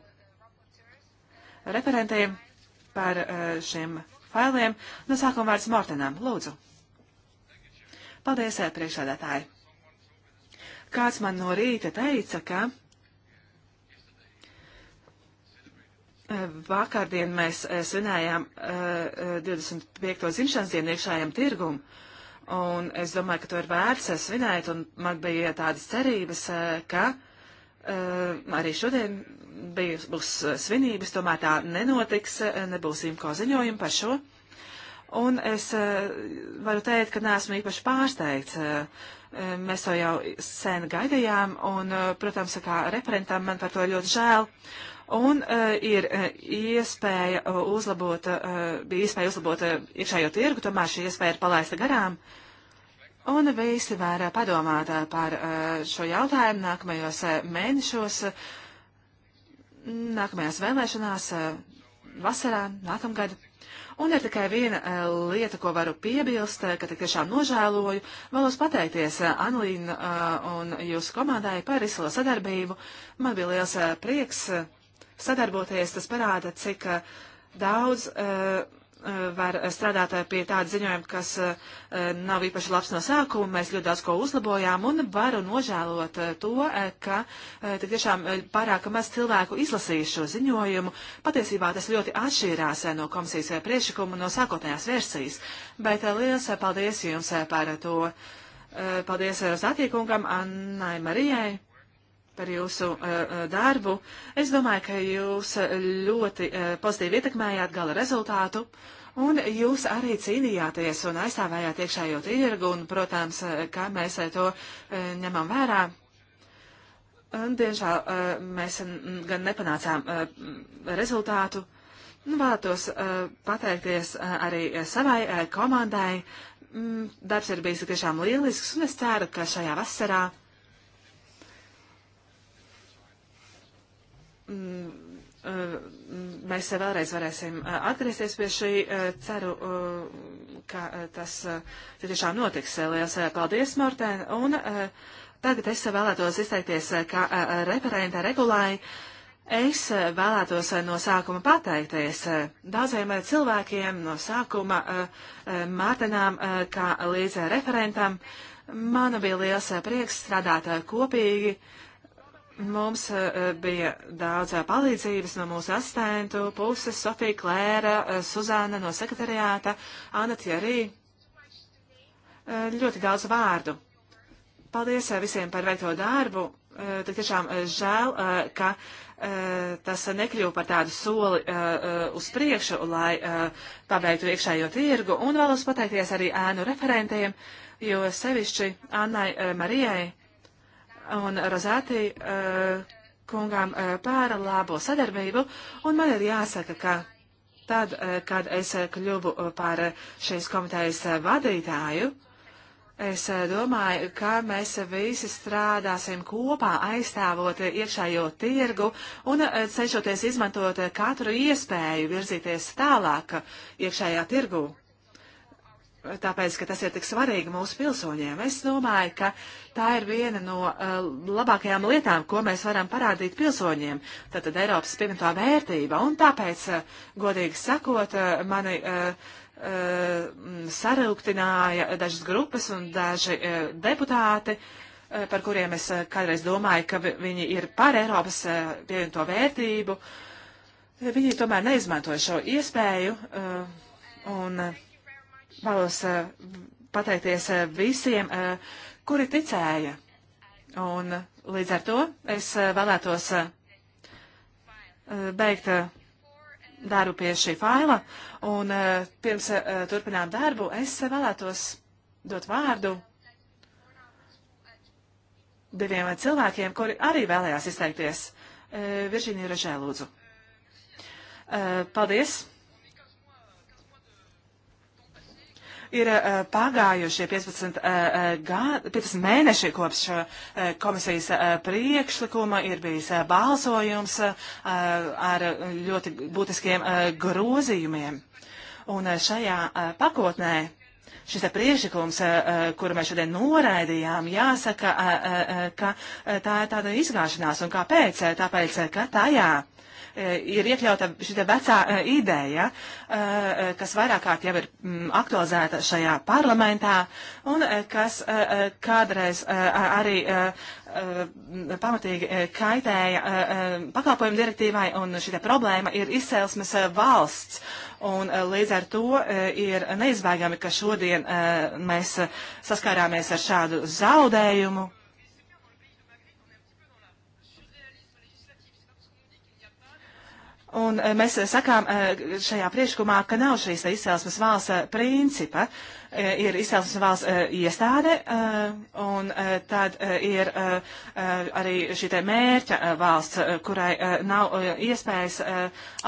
referentiem par eh, šiem failiem. No sākuma vārds Mortenam. Lūdzu. Paldies, eh, priekšādātāji. Kāds man no rīta teica, ka eh, vakardien mēs svinējām 25. dzimšanas dienu iekšējiem tirgumu. Un es domāju, ka to ir vērts svinēt, un man bija tādas cerības, ka uh, Ehm, arī šodien bija, būs eh, svinības, tomēr tā nenotiks, eh, nebūs imko ziņojumi par šo. Un es eh, varu teikt, ka neesmu īpaši pārsteigts. Mēs to jau sen gaidījām, un, protams, kā referentam man par to ļoti žēl. Un uh, ir iespēja uzlabot, uh, bija iespēja uzlabot uh, iekšējo tirgu, tomēr šī iespēja ir palaista garām. Uh, Un visi var padomāt eh, par eh, šo jautājumu nākamajos eh, mēnešos, nākamajās vēlēšanās, vasarā, nākamgad. Un ir tikai viena lieta, ko varu piebilst, ka tik tiešām nožēloju. Vēlos pateikties Anlīna un jūsu komandai par izsilo sadarbību. Man bija liels prieks sadarboties. Tas parāda, cik daudz uh, Eh, var strādāt eh, pie tāda ziņojuma, kas eh, nav īpaši labs no sākuma. Mēs ļoti daudz ko uzlabojām un varu nožēlot to, ka tiešām pārāk maz cilvēku izlasīja šo ziņojumu. Patiesībā tas ļoti atšķīrās no komisijas priekšlikuma, no sākotnējās versijas. Bet liels paldies jums par to. Paldies Rosātī kungam, Annai Marijai par jūsu uh, darbu. Es domāju, ka jūs eh, ļoti uh, pozitīvi ietekmējāt gala rezultātu. Un jūs arī cīnījāties un aizstāvējāt iekšējo tirgu, un, protams, kā mēs to ņemam vērā. Un, diemžēl mēs gan nepanācām rezultātu. Nu, vēlētos pateikties arī savai komandai. Mm, darbs ir bijis tiešām lielisks, un es ceru, ka šajā vasarā Mm, mēs vēlreiz varēsim eh, atgriezties pie šī. Eh, ceru, eh, ka tas tiešām notiks. Lielas paldies, Morten. Un tagad es vēlētos izteikties, ka referenta regulāja. Es vēlētos no sākuma pateikties daudziem cilvēkiem no sākuma Mārtenām kā līdz referentam. Man bija liels prieks strādāt kopīgi Mums eh, eh, bija daudz eh, palīdzības no mūsu asistentu puses, Sofija Klēra, Suzāna no sekretariāta, Anna Tjerī. Ļoti daudz vārdu. Paldies visiem par veikto darbu. Tik tiešām žēl, ka tas nekļuva par tādu soli uz priekšu, lai pabeigtu iekšējo tirgu. Un vēlos pateikties arī ēnu referentiem, jo sevišķi Annai Marijai un Rozāti uh, eh, kungām uh, eh, pāra labo sadarbību, un man ir jāsaka, ka tad, uh, kad es kļuvu par šīs komitejas vadītāju, es domāju, ka mēs visi strādāsim kopā, aizstāvot iekšējo tirgu un cenšoties izmantot katru iespēju virzīties tālāk iekšējā tirgu tāpēc, ka tas ir tik svarīgi mūsu pilsoņiem. Es domāju, ka tā ir viena no uh, labākajām lietām, ko mēs varam parādīt pilsoņiem. Tātad Eiropas pievienotā vērtība. Un tāpēc, uh, godīgi sakot, uh, mani uh, uh, sarūktināja dažas grupas un daži uh, deputāti. Uh, par kuriem es uh, kādreiz domāju, ka viņi ir par Eiropas uh, pievienoto vērtību, viņi tomēr neizmantoja šo iespēju. Uh, un vēlos eh, pateikties eh, visiem, eh, kuri ticēja. Un līdz ar to es vēlētos beigt darbu pie šī faila. Un pirms turpinām darbu, es vēlētos dot vārdu diviem cilvēkiem, kuri arī vēlējās izteikties. Viržīnija Režē, lūdzu. Paldies! Ir eh, pagājušie 15, gā, 15 mēneši kopš eh, komisijas eh, priekšlikuma, ir bijis balsojums ar ļoti būtiskiem grozījumiem. Un šajā pakotnē šis priekšlikums, kuru mēs šodien noraidījām, jāsaka, ka tā ir tāda izgāšanās. Un kāpēc? Tāpēc, ka tajā E, ir iekļauta šī vecā e, ideja, e, kas vairāk kārt jau ir mm, aktualizēta šajā parlamentā un kas kādreiz arī pamatīgi kaitēja pakalpojumu direktīvai, un šī problēma ir izcelsmes valsts. Un līdz ar to ir neizbēgami, ka šodien mēs saskārāmies ar šādu zaudējumu. Un eh, mēs eh, sakām eh, šajā priekšlikumā, ka nav šīs izcelsmes valsts principa. Ir izcelsmes valsts iestāde, un tad ir arī šī te mērķa valsts, kurai nav iespējas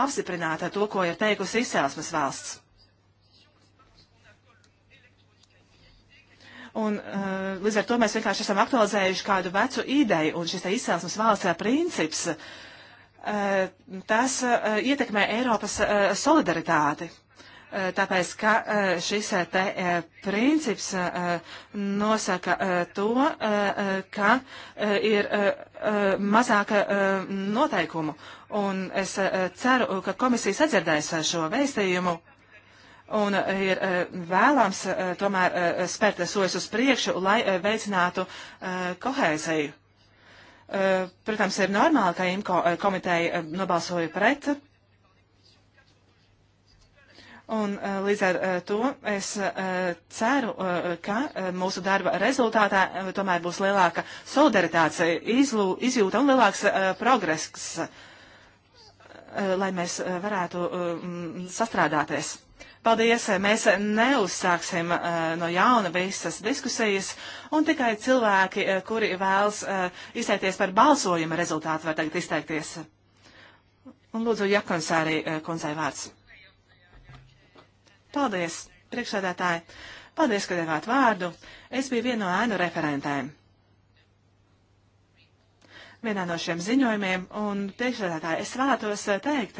apstiprināt to, ko ir teikusi izcelsmes valsts. Un, līdz ar to mēs vienkārši esam aktualizējuši kādu vecu ideju, un šis izcelsmes valsts princips uh, Eh, tas eh, ietekmē Eiropas eh, solidaritāti. Tāpēc, ka šis te princips nosaka to, ka ir mazāk noteikumu. Un es ceru, ka komisija sadzirdēs šo vēstījumu un ir vēlams tomēr spērt sojas uz priekšu, lai veicinātu kohēziju. Eh, protams, ir normāli, ka IMCO eh, komiteja eh, nobalsoja pret. Un līdz ar to es ceru, ka mūsu darba rezultātā tomēr būs lielāka solidaritāte, izjūta un lielāks progress, lai mēs varētu sastrādāties. Paldies, eh, mēs neuzsāksim eh, no jauna visas diskusijas, un tikai cilvēki, eh, kuri vēlas izteikties par balsojuma rezultātu, var tagad izteikties. Un lūdzu, Jakonsārī kundzei vārds. Paldies, priekšsēdētāji. Paldies, ka devāt vārdu. Es biju viena no ēnu referentēm vienā no šiem ziņojumiem, un priekšsēdētāji, es vēlētos teikt,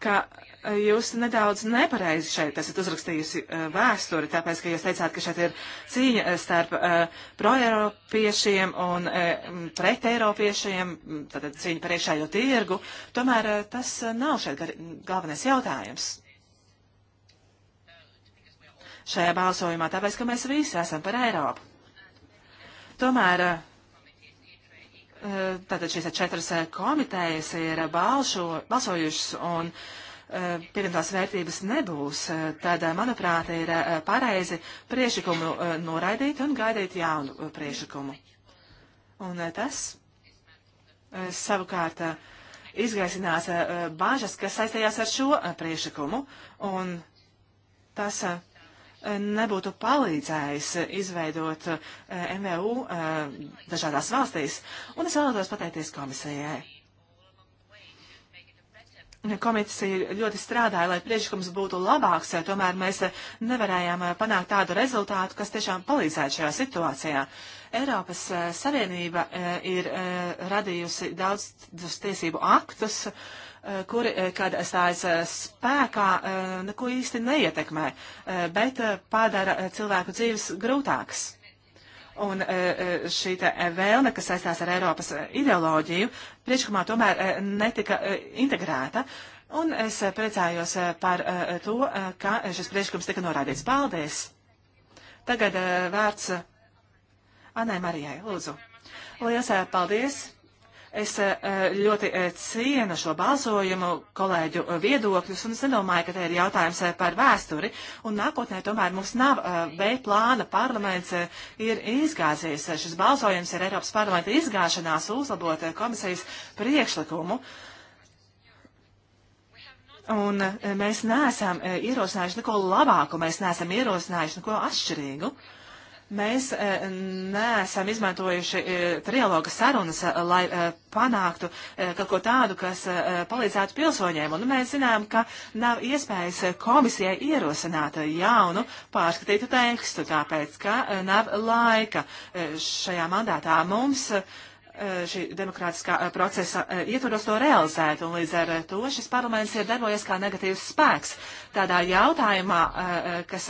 ka jūs nedaudz nepareizi šeit esat uzrakstījusi uh, vēsturi, tāpēc, ka jūs teicāt, ka šeit ir cīņa uh, starp uh, proeiropiešiem un preteiropiešiem, tātad cīņa par iekšējo tirgu. Tomēr tas nav šeit galvenais jautājums. Šajā balsojumā, tāpēc, ka mēs visi esam par Eiropu. Tomēr tātad šīs četras komitejas ir balšo, balsojušas, un Eh, pievienotās vērtības nebūs, eh, tad, eh, manuprāt, ir pareizi priešakumu noraidīt un gaidīt jaunu priešakumu. Un tas savukārt izgaisinās bāžas, kas saistījās ar šo priešakumu, un tas nebūtu palīdzējis izveidot MVU dažādās valstīs. Un es vēlētos pateikties komisijai Komisija ļoti strādāja, lai priekšlikums būtu labāks, tomēr mēs eh, nevarējām eh, panākt tādu rezultātu, kas tiešām palīdzētu šajā situācijā. Eiropas eh, Savienība ir radījusi daudzus tiesību aktus, kuri, kad stājas spēkā, neko īsti neietekmē, bet padara cilvēku dzīves grūtāks. Un e, e, šī vēlme, kas saistās ar Eiropas e, ideoloģiju, priekšlikumā tomēr netika integrēta. Un es priecājos par to, ka šis priekšlikums tika norādīts. Paldies! Tagad vārds Anai Marijai, lūdzu. Lielas paldies! Es eh, ļoti eh, cienu šo balsojumu, kolēģu eh, viedokļus, un es nedomāju, ka te ir jautājums par vēsturi. Un nākotnē tomēr mums nav B plāna. Parlaments ir izgāzies. Šis balsojums ir Eiropas parlamenta izgāšanās uzlabot komisijas priekšlikumu. Un mēs neesam ierosinājuši neko labāku, mēs neesam ierosinājuši neko atšķirīgu. Uh, Mēs e, neesam izmantojuši e, trialoga sarunas, e, lai panāktu kaut ko tādu, kas palīdzētu pilsoņiem, un mēs zinām, ka nav iespējas komisijai ierosināt jaunu pārskatītu tekstu, tāpēc, ka nav laika šajā mandātā mums. Uh, Eh, šī demokrātiskā eh, procesa eh, ietvaros to realizēt, un līdz ar to šis parlaments ir darbojies kā negatīvs spēks tādā jautājumā, kas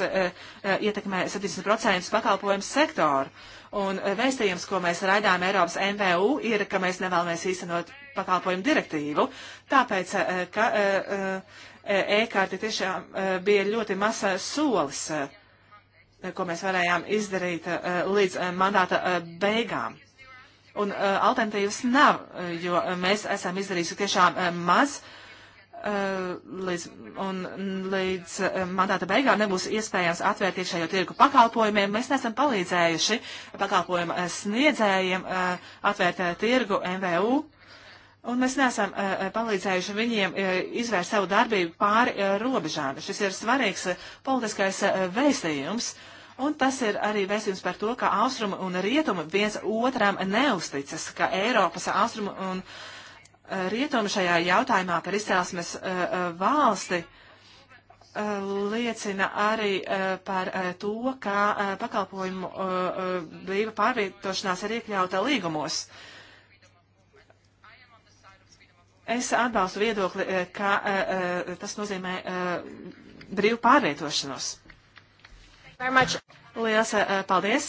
ietekmē 70% pakalpojumu sektoru. Un vēstījums, ko mēs raidām Eiropas MVU, ir, ka mēs nevēlamies īstenot pakalpojumu direktīvu, tāpēc, ka e- e-kārti tiešām bija ļoti mazs solis, ko mēs varējām izdarīt līdz mandāta beigām. Un uh, alternatīvas nav, e, jo mēs esam izdarījuši tiešām uh, maz. Uh, līdz, un līdz uh, mandāta beigām nebūs iespējams atvērt iekšējo tirgu pakalpojumiem. Mēs neesam palīdzējuši pakalpojumu sniedzējiem uh, atvērt tirgu MVU. Un mēs neesam uh, palīdzējuši viņiem uh, izvērst savu darbību pāri uh, robežām. Šis ir svarīgs uh, politiskais uh, vēstījums. Uh, Un tas ir arī vēstījums par to, ka austrumu un rietumu viens otram neusticas, ka Eiropas austrumu un e, rietumu šajā jautājumā par izcelsmes uh, valsti uh, liecina arī uh, par to, ka pakalpojumu brīva pārvietošanās ir iekļauta līgumos. Es atbalstu viedokli, ka tas nozīmē brīvu pārvietošanos. Lielas eh, eh, paldies!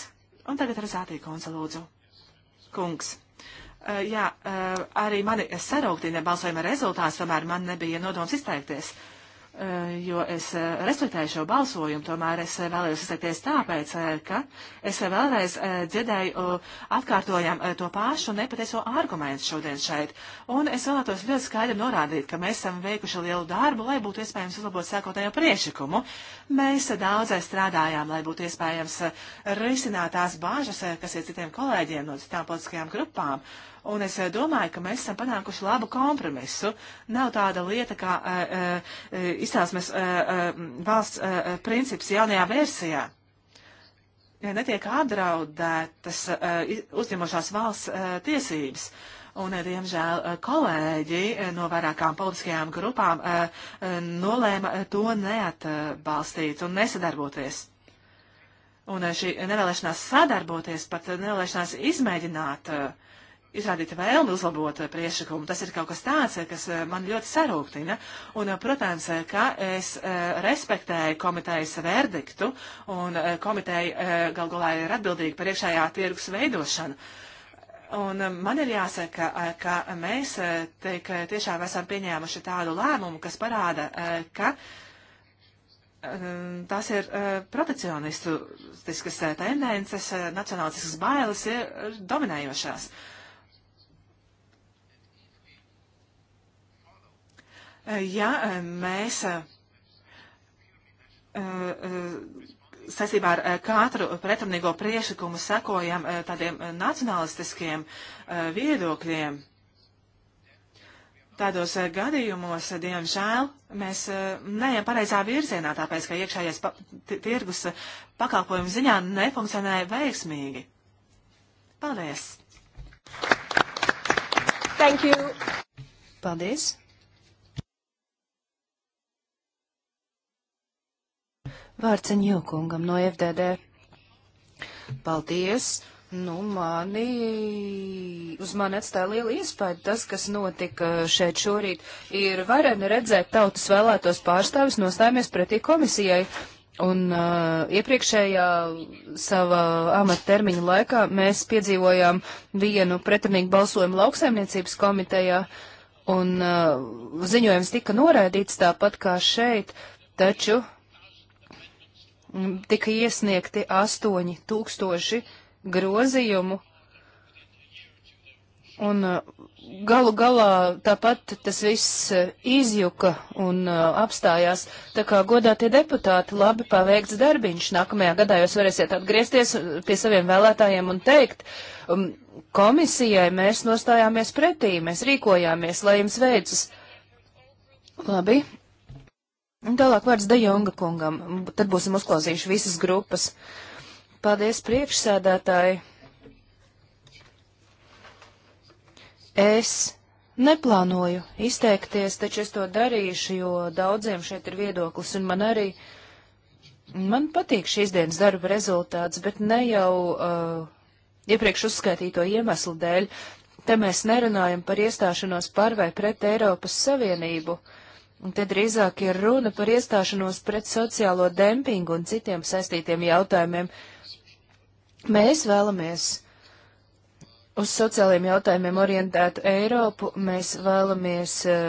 Un tagad Rozātī konsa lūdzu. Kungs. Eh, jā, arī mani sarauktīja balsojuma rezultāts, tomēr man nebija nodoms izteikties. Uh, Eh, jo es eh, respektēju šo balsojumu, tomēr es eh, vēlējos izteikties tāpēc, ka es vēlreiz dzirdēju atkārtojam to pašu nepatieso argumentu šodien šeit. Un es vēlētos ļoti skaidri norādīt, ka mēs esam veikuši lielu darbu, lai būtu iespējams uzlabot sākotnējo priešikumu. Mēs daudzai strādājām, lai būtu iespējams risināt tās bāžas, kas ir citiem kolēģiem no citām politiskajām grupām. Un es eh, domāju, ka mēs esam panākuši labu kompromisu. Nav tāda lieta kā eh, eh, izcelsmes valsts princips jaunajā versijā. Netiek apdraudētas uzņemošās valsts tiesības. Un, diemžēl, kolēģi no vairākām politiskajām grupām nolēma to neatbalstīt un nesadarboties. Un šī nevēlēšanās sadarboties, pat nevēlēšanās izmēģināt uh, izrādīta vēlme uzlabot eh, priekšlikumu. Tas ir kaut kas tāds, eh, kas eh, man ļoti sarūktina. Un, protams, ka es respektēju komitejas verdiktu, un komiteja gal galā ir atbildīga par iekšējā tirgus veidošanu. Un man ir jāsaka, ka mēs teik, tiešām esam pieņēmuši tādu lēmumu, kas parāda, ka tās ir protekcionistiskas tendences, nacionālistiskas bailes ir dominējošās. Uh, Ja e, mēs e, e, saistībā ar katru pretrunīgo priešlikumu sekojam tādiem nacionalistiskiem viedokļiem, Tādos gadījumos, diemžēl, mēs neejam pareizā virzienā, tāpēc, ka iekšējais pa tirgus pakalpojumu ziņā nefunkcionēja veiksmīgi. Paldies! Thank you! Paldies!
Vārds Aņokungam no FDD. Paldies! Nu, mani, uz mani atstāja liela iespēja tas, kas notika šeit šorīt. Ir vareni redzēt tautas vēlētos pārstāvis nostājamies pretī komisijai. Un uh, iepriekšējā sava amata termiņa laikā mēs piedzīvojām vienu pretrunīgu balsojumu lauksaimniecības komitejā, un uh, ziņojums tika noraidīts tāpat kā šeit, taču tika iesniegti 8000 grozījumu. Un uh, galu galā tāpat tas viss uh, izjuka un uh, apstājās. Tā kā godātie deputāti, labi paveikts darbiņš. Nākamajā gadā jūs varēsiet atgriezties pie saviem vēlētājiem un teikt, um, komisijai mēs nostājāmies pretī, mēs rīkojāmies, lai jums veicas. Labi, Tālāk vārds Dejonga kungam, tad būsim uzklausījuši visas grupas. Paldies priekšsēdētāji. Es neplānoju izteikties, taču es to darīšu, jo daudziem šeit ir viedoklis, un man arī, man patīk šīs dienas darba rezultāts, bet ne jau uh, iepriekš uzskaitīto iemeslu dēļ, te mēs nerunājam par iestāšanos par vai pret Eiropas Savienību. Uh, Un te drīzāk ir runa par iestāšanos pret sociālo dempingu un citiem saistītiem jautājumiem. Mēs vēlamies uz sociāliem jautājumiem orientētu Eiropu, mēs vēlamies uh,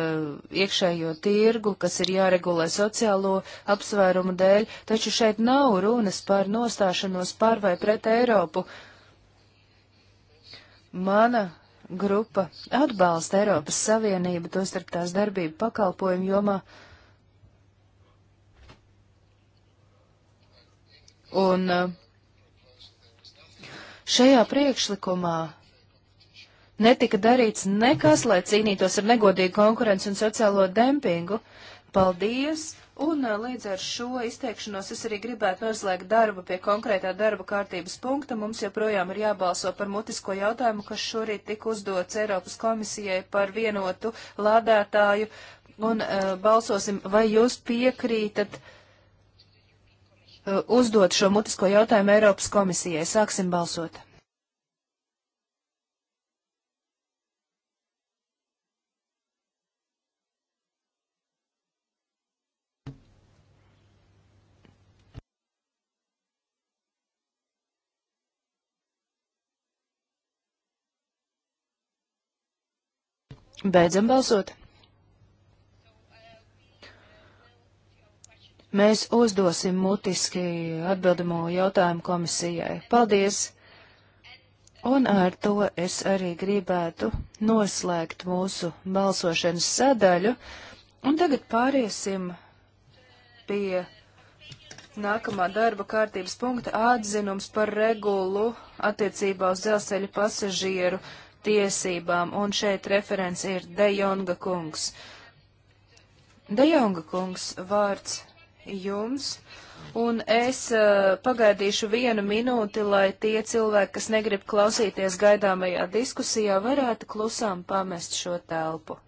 iekšējo tirgu, kas ir jāregulē sociālo apsvērumu dēļ, taču šeit nav runas par nostāšanos par vai pret Eiropu. Mana grupa atbalsta Eiropas Savienību, to starp tās darbību pakalpojumu jomā. Un eh, šajā priekšlikumā netika darīts nekas, lai cīnītos ar negodīgu konkurenci un sociālo dempingu. Paldies! Un eh, līdz ar šo izteikšanos es arī gribētu noslēgt darbu pie konkrētā darba kārtības punkta. Mums joprojām ir jābalso par mutisko jautājumu, kas šorīt tika uzdots Eiropas komisijai par vienotu lādētāju. Un uh, balsosim, vai jūs piekrītat uh, uzdot šo mutisko jautājumu Eiropas komisijai. Sāksim balsot. Beidzam balsot. Mēs uzdosim mutiski atbildamo jautājumu komisijai. Paldies! Un ar to es arī gribētu noslēgt mūsu balsošanas sadaļu. Un tagad pāriesim pie nākamā darba kārtības punkta atzinums par regulu attiecībā uz dzelzceļa pasažieru tiesībām, un šeit referents ir De Jonga kungs. De Jonga kungs, vārds jums, un es uh, pagaidīšu vienu minūti, lai tie cilvēki, kas negrib klausīties gaidāmajā diskusijā, varētu klusām pamest šo telpu.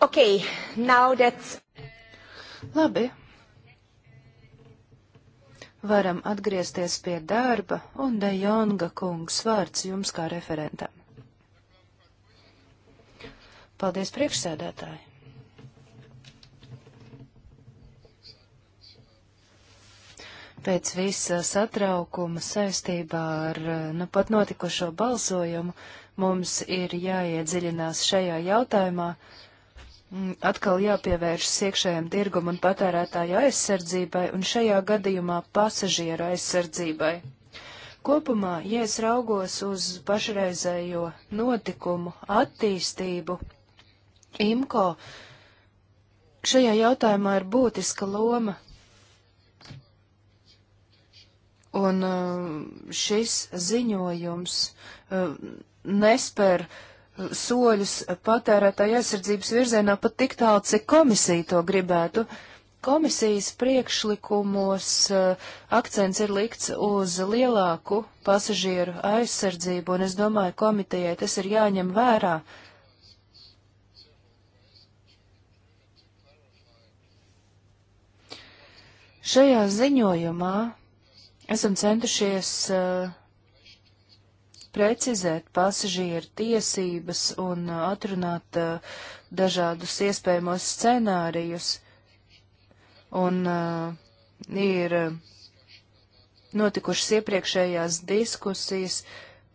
Okay, now that's... Labi. Varam atgriezties pie darba, un De Jonga kungs vārds jums kā referentam. Paldies, priekšsēdētāji! Pēc visa satraukuma saistībā ar nu pat notikušo balsojumu mums ir jāiedziļinās šajā jautājumā, Mm, atkal jāpievēršas iekšējiem tirgum un patērētāju aizsardzībai, un šajā gadījumā pasažieru aizsardzībai. Kopumā, ja es raugos uz pašreizējo notikumu attīstību, IMCO šajā jautājumā ir būtiska loma. Un uh, šis ziņojums nespēr uh, soļus patērētāja aizsardzības virzienā pat tik tālu, cik komisija to gribētu. Komisijas priekšlikumos uh, akcents ir likts uz lielāku pasažieru aizsardzību, un es domāju, komitejai tas ir jāņem vērā. Šajā ziņojumā esam centušies uh, precizēt pasažieru tiesības un uh, atrunāt uh, dažādus iespējamos scenārijus. Un uh, ir uh, notikušas iepriekšējās diskusijas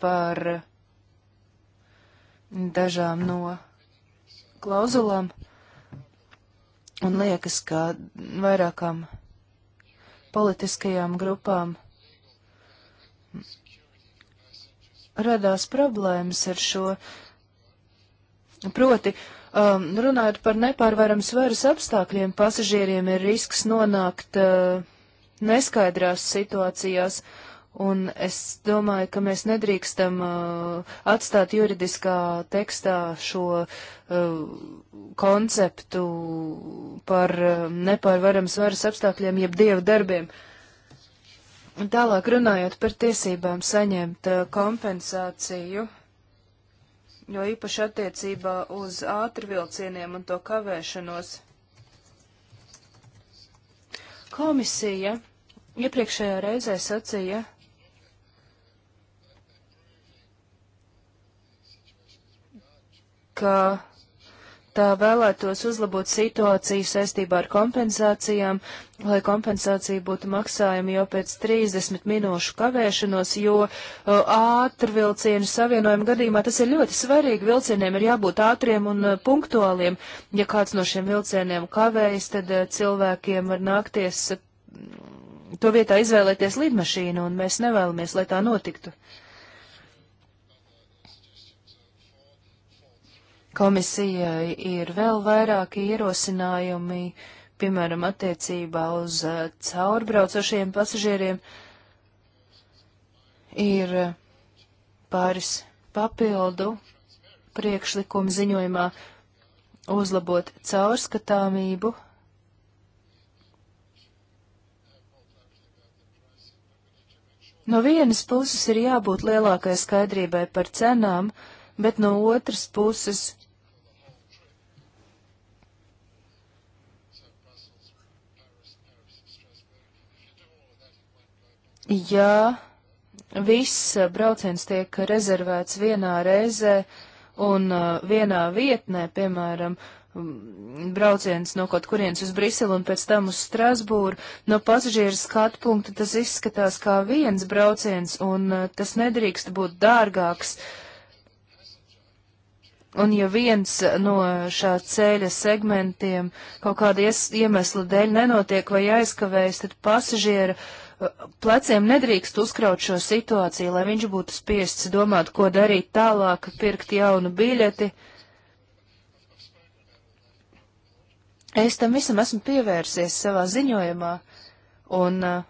par uh, dažām no klauzulām, un liekas, ka vairākām politiskajām grupām radās problēmas ar šo. Proti, um, runājot par nepārvarams varas apstākļiem, pasažieriem ir risks nonākt uh, neskaidrās situācijās, un es domāju, ka mēs nedrīkstam uh, atstāt juridiskā tekstā šo uh, konceptu par uh, nepārvarams varas apstākļiem, jeb dievu darbiem. Uh, Tālāk runājot par tiesībām saņemt eh, kompensāciju, jo īpaši attiecībā uz ātrvilcieniem un to kavēšanos. Komisija iepriekšējā reizē sacīja, ka tā vēlētos uzlabot situāciju saistībā ar kompensācijām, lai kompensācija būtu maksājama jau pēc 30 minūšu kavēšanos, jo uh, ātri vilcienu savienojuma gadījumā tas ir ļoti svarīgi. Vilcieniem ir jābūt ātriem un uh, punktuāliem. Ja kāds no šiem vilcieniem kavējas, tad uh, cilvēkiem var nākties to vietā izvēlēties lidmašīnu, un mēs nevēlamies, lai tā notiktu. Uh, Komisijai ir vēl vairāki ierosinājumi, piemēram, attiecībā uz uh, caurbraucošiem pasažieriem. Ir uh, pāris papildu priekšlikumu ziņojumā uzlabot caurskatāmību No vienas puses ir jābūt lielākai skaidrībai par cenām, bet no otras puses ja viss brauciens tiek rezervēts vienā reizē un uh, vienā vietnē, piemēram, brauciens no kaut kurienes uz Briselu un pēc tam uz Strasbūru, no pasažieru skatu punkta tas izskatās kā viens brauciens un uh, tas nedrīkst būt dārgāks. Un ja viens no šā ceļa segmentiem kaut kāda ies, iemesla dēļ nenotiek vai aizkavējas, tad pasažiera uh, pleciem nedrīkst uzkraut šo situāciju, lai viņš būtu spiests domāt, ko darīt tālāk, pirkt jaunu biļeti. Es tam visam esmu pievērsies savā ziņojumā, un uh,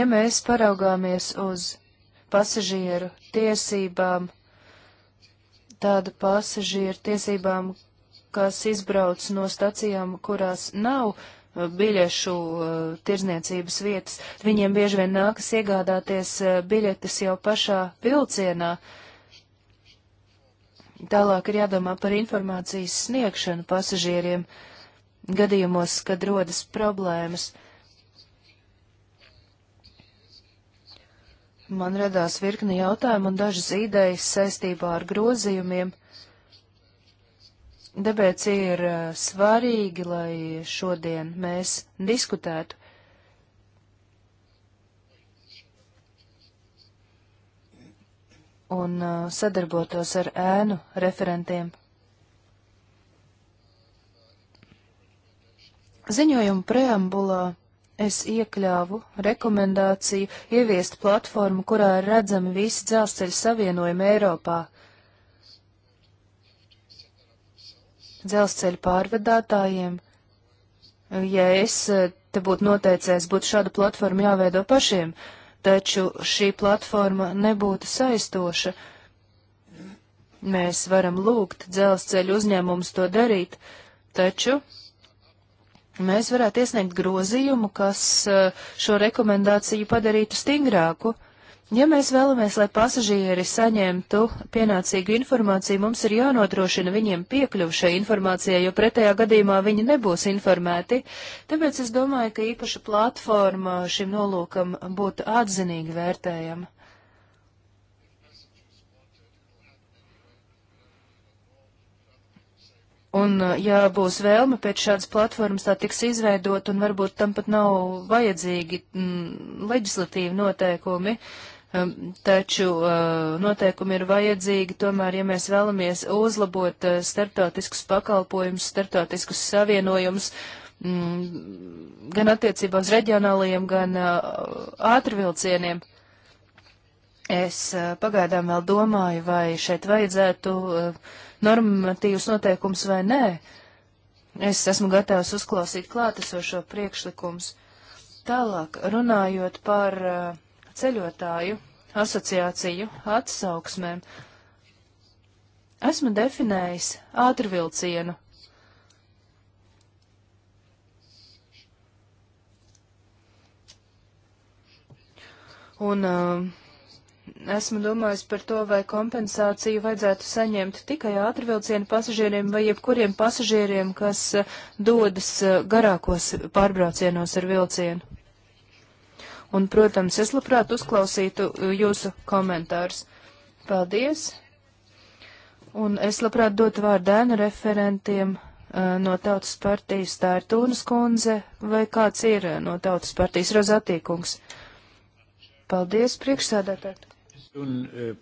ja mēs paraugāmies uz pasažieru tiesībām, tādu pasažieru tiesībām, kas izbrauc no stacijām, kurās nav uh, biļešu uh, tirzniecības vietas. Viņiem bieži vien nākas iegādāties uh, biļetes jau pašā vilcienā. Tālāk ir jādomā par informācijas sniegšanu pasažieriem gadījumos, kad rodas problēmas. Man radās virkni jautājumu un dažas idejas saistībā ar grozījumiem. Tāpēc ir eh, svarīgi, lai šodien mēs diskutētu. un eh, sadarbotos ar ēnu referentiem. Ziņojuma preambulā es iekļāvu rekomendāciju ieviest platformu, kurā ir redzami visi dzelzceļa savienojumi Eiropā. dzelzceļa pārvadātājiem, ja es eh, te būtu noteicējis, būtu šādu platformu jāveido pašiem, taču šī platforma nebūtu saistoša. Mēs varam lūgt dzelzceļa uzņēmumus to darīt, taču mēs varētu iesniegt grozījumu, kas eh, šo rekomendāciju padarītu stingrāku. Ja mēs vēlamies, lai pasažieri saņemtu pienācīgu informāciju, mums ir jānodrošina viņiem piekļuvu šai informācijai, jo pretējā gadījumā viņi nebūs informēti. Tāpēc es domāju, ka īpaša platforma šim nolūkam būtu atzinīgi vērtējama. Un, ja būs vēlme pēc šādas platformas, tā tiks izveidot, un varbūt tam pat nav vajadzīgi m, mm, leģislatīvi noteikumi, uh, Um, taču uh, noteikumi ir vajadzīgi, tomēr, ja mēs vēlamies uzlabot uh, starptautiskus pakalpojumus, starptautiskus savienojumus, mm, gan attiecībā uz reģionālajiem, gan uh, ātrvilcieniem. Es pagaidām vēl domāju, vai šeit vajadzētu normatīvus noteikums vai nē. Es esmu gatavs uzklausīt klātesošo priekšlikums. Tālāk, runājot par uh, ceļotāju asociāciju atsauksmēm. Esmu definējis ātrvilcienu. Un uh, esmu domājis par to, vai kompensāciju vajadzētu saņemt tikai ātrvilcienu pasažieriem vai jebkuriem pasažieriem, kas uh, dodas uh, garākos pārbraucienos ar vilcienu. Un, protams, es labprāt uzklausītu uh, jūsu komentārus. Paldies! Un es labprāt dotu vārdu ēnu referentiem uh, no Tautas partijas. Tā ir Tūnas kundze vai kāds ir uh, no Tautas partijas Rozatīkungs. Paldies, priekšsēdētāji!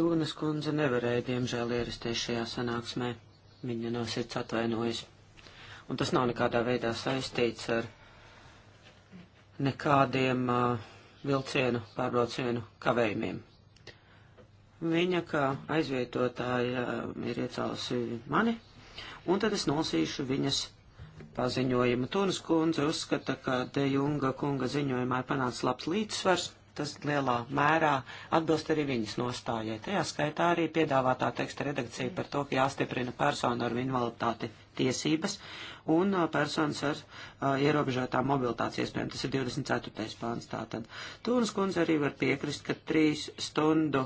Tūnas kundze nevarēja, diemžēl, ierasties šajā sanāksmē. Viņa no sirds atvainojas. Un tas nav nekādā veidā saistīts ar nekādiem uh, vilcienu pārbraucienu kavējumiem. Viņa kā aizvietotāja uh, ir iecēlusi mani, un tad es nolasīšu viņas paziņojumu. Tunas kundze uzskata, ka De Junga kunga ziņojumā ir panācis labs līdzsvars tas lielā mērā atbilst arī viņas nostājai. Tajā skaitā arī piedāvātā teksta redakcija par to, ka jāstiprina persona ar invaliditāti tiesības un uh, personas ar uh, ierobežotām mobilitātes iespējām. Tas ir 24. pāns tātad. Tūnas kundze arī var piekrist, ka trīs stundu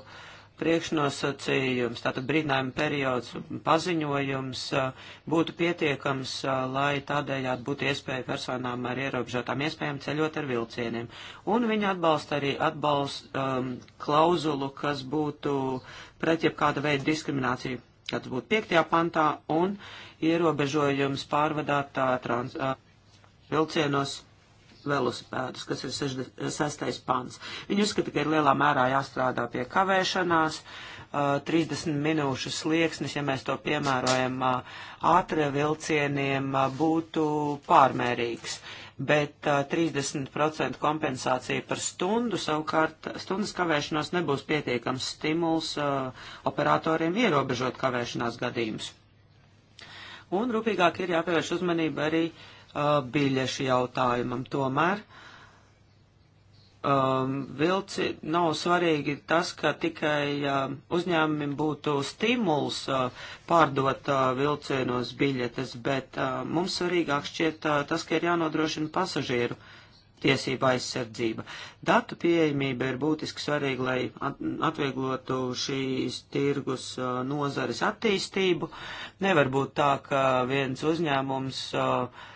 priekšnosacījums, tātad brīdinājuma periods, paziņojums uh, būtu pietiekams, uh, lai tādējādi būtu iespēja personām ar ierobežotām iespējām ceļot ar vilcieniem. Un viņa atbalsta arī atbalsta um, klauzulu, kas būtu pret jebkāda veida diskrimināciju kāds būtu 5. pantā, un ierobežojums pārvadāt trans, vilcienos velosipēdus, kas ir 6. pants. Viņi uzskata, ka ir lielā mērā jāstrādā pie kavēšanās, 30 minūšu slieksnis, ja mēs to piemērojam ātrie vilcieniem, būtu pārmērīgs bet uh, 30% kompensācija par stundu savukārt stundas kavēšanos nebūs pietiekams stimuls uh, operatoriem ierobežot kavēšanās gadījumus. Un rūpīgāk ir jāpievērš uzmanība arī uh, biļešu jautājumam. Tomēr uh, um, vilci nav svarīgi tas, ka tikai uh, uzņēmumiem būtu stimuls uh, pārdot uh, vilcienos biļetes, bet uh, mums svarīgāk šķiet uh, tas, ka ir jānodrošina pasažieru tiesība aizsardzība. Datu pieejamība ir būtiski svarīga, lai at atvieglotu šīs tirgus uh, nozares attīstību. Nevar būt tā, ka viens uzņēmums uh,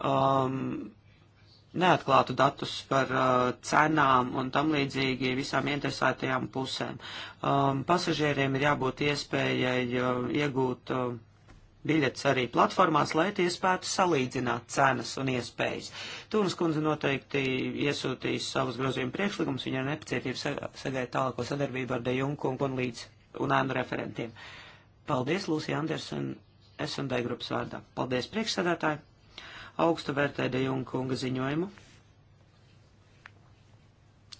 um, neatklātu datus par uh, cenām un tam līdzīgi visām interesētajām pusēm. Um, pasažieriem ir jābūt iespējai uh, iegūt uh, biļetes arī platformās, lai tie spētu salīdzināt cenas un iespējas. Tūnas kundze noteikti iesūtīs savus grozījumu priekšlikumus, viņa ir nepacietība sagaida tālāko sadarbību ar Dejunku un, un līdz un ēnu referentiem. Paldies, Lūsija Andersen, S&D grupas vārdā. Paldies, priekšsēdētāji! augstu vērtē Dejunga kunga ziņojumu.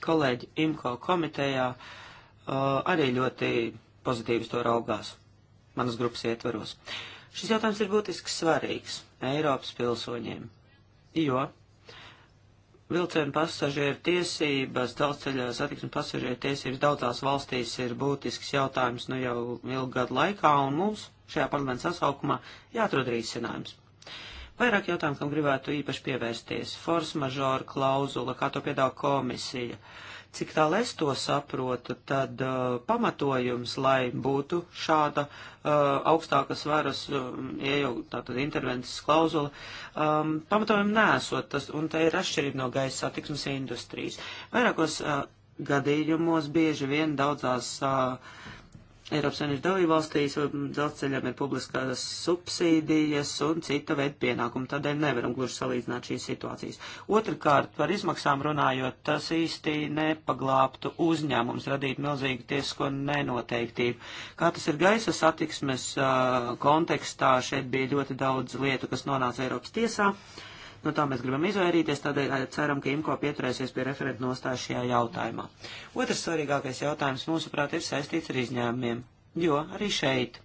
Kolēģi IMCO komitejā uh, arī ļoti pozitīvi to raugās manas grupas ietvaros. Šis jautājums ir būtiski svarīgs Eiropas pilsoņiem, jo vilcienu pasažieru tiesības, dzelzceļa satiksmes pasažieru tiesības daudzās valstīs ir būtisks jautājums nu jau ilgu gadu laikā, un mums šajā parlamenta sasaukumā jāatrod risinājums. Vairāk jautājumu, kam gribētu īpaši pievērsties. Force majeure klauzula, kā to piedāvā komisija. Cik tālu es to saprotu, tad uh, pamatojums, lai būtu šāda uh, augstākas varas, um, ja jau tātad intervences klauzula, um, pamatojumi nesot, tas, un tā ir atšķirība no gaisa satiksmes industrijas. Vairākos uh, gadījumos bieži vien daudzās. Uh, Eiropas Savienības dalībvalstīs dzelzceļam ir publiskās subsīdijas un cita veida pienākumi, tādēļ nevaram gluži salīdzināt šīs situācijas. Otrakārt, par izmaksām runājot, tas īsti nepaglābtu uzņēmums, radīt milzīgu tiesisko nenoteiktību. Kā tas ir gaisa satiksmes uh, kontekstā, šeit bija ļoti daudz lietu, kas nonāca Eiropas tiesā. Uh, No nu, tā mēs gribam izvairīties, tādēļ eh, ceram, ka IMCO pieturēsies pie referenta nostājas šajā jautājumā. Otrs svarīgākais jautājums, mūsuprāt, ir saistīts ar izņēmumiem, jo arī šeit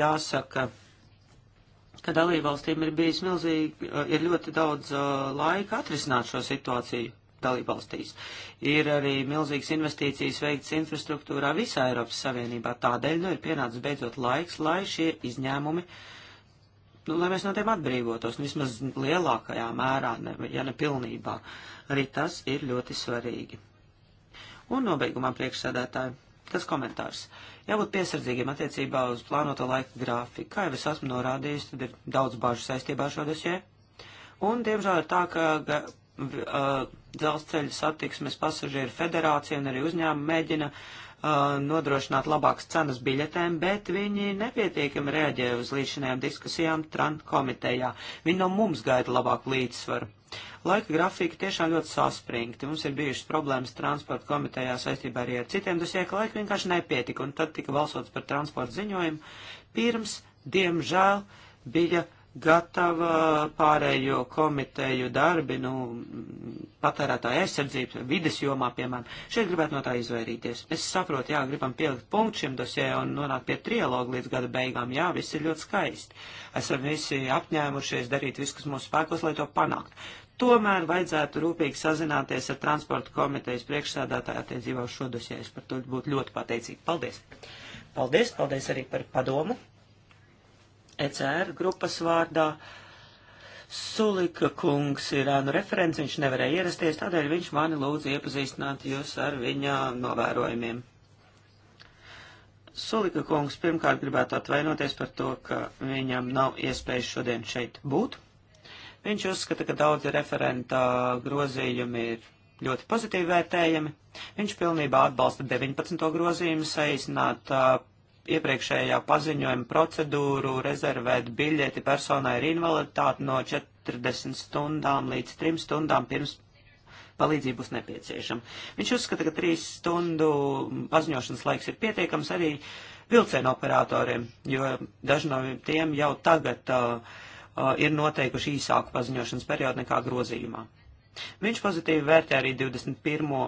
jāsaka, ka dalībvalstīm ir bijis milzīgi, eh, ir ļoti daudz uh, laika atrisināt šo situāciju dalībvalstīs. Ir arī milzīgas investīcijas veikts infrastruktūrā visā Eiropas Savienībā. Tādēļ nu ir pienācis beidzot laiks, lai šie izņēmumi uh, nu, lai mēs no tiem atbrīvotos, nu, vismaz lielākajā mērā, ne, ja ne pilnībā. Arī tas ir ļoti svarīgi. Un nobeigumā priekšsēdētāji, tas komentārs. Jābūt piesardzīgiem attiecībā uz plānoto laika grafiku. Kā jau es esmu norādījis, tad ir daudz bažu saistībā ar šo dosē. Un, diemžēl, ir tā, ka uh, dzelzceļa satiksmes pasažieru federācija un arī uzņēmumi mēģina uh, Uh, nodrošināt labākas cenas biļetēm, bet viņi nepietiekami reaģēja uz līdzinējām diskusijām Trant komitejā. Viņi no mums gaida labāku līdzsvaru. Laika grafika tiešām ļoti saspringti. Mums ir bijušas problēmas transporta komitejā saistībā arī ar citiem dosiem, ka laika vienkārši nepietika, un tad tika balsots par transporta ziņojumu. Pirms, diemžēl, bija gatava pārējo komiteju darbi, nu, patērētāja aizsardzības, vides jomā, piemēram. Šeit gribētu no tā izvairīties. Es saprotu, jā, gribam pielikt punktu šim dosē un nonākt pie trialoga līdz gada beigām. Jā, viss ir ļoti skaisti. Esam visi apņēmušies darīt visu, kas mūsu spēkos, lai to panāktu. Tomēr vajadzētu rūpīgi sazināties ar transporta komitejas priekšsādātāju attiecībā uz šo dosē. Es par to būtu ļoti pateicīgi. Paldies! Paldies, paldies arī par padomu. ECR grupas vārdā. Sulika kungs ir ēnu referents, viņš nevarēja ierasties, tādēļ viņš mani lūdzu iepazīstināt jūs ar viņa novērojumiem. Sulika kungs pirmkārt gribētu atvainoties par to, ka viņam nav iespējas šodien šeit būt. Viņš uzskata, ka daudzi referenta grozījumi ir ļoti pozitīvi vērtējami. Viņš pilnībā atbalsta 19. grozījumu saīsināt iepriekšējā paziņojuma procedūru rezervēt biļeti personai ar invaliditāti no 40 stundām līdz 3 stundām pirms palīdzība būs nepieciešama. Viņš uzskata, ka trīs stundu paziņošanas laiks ir pietiekams arī vilcienu operatoriem, jo daži no tiem jau tagad uh, uh, ir noteikuši īsāku paziņošanas periodu nekā grozījumā. Viņš pozitīvi vērtē arī 21.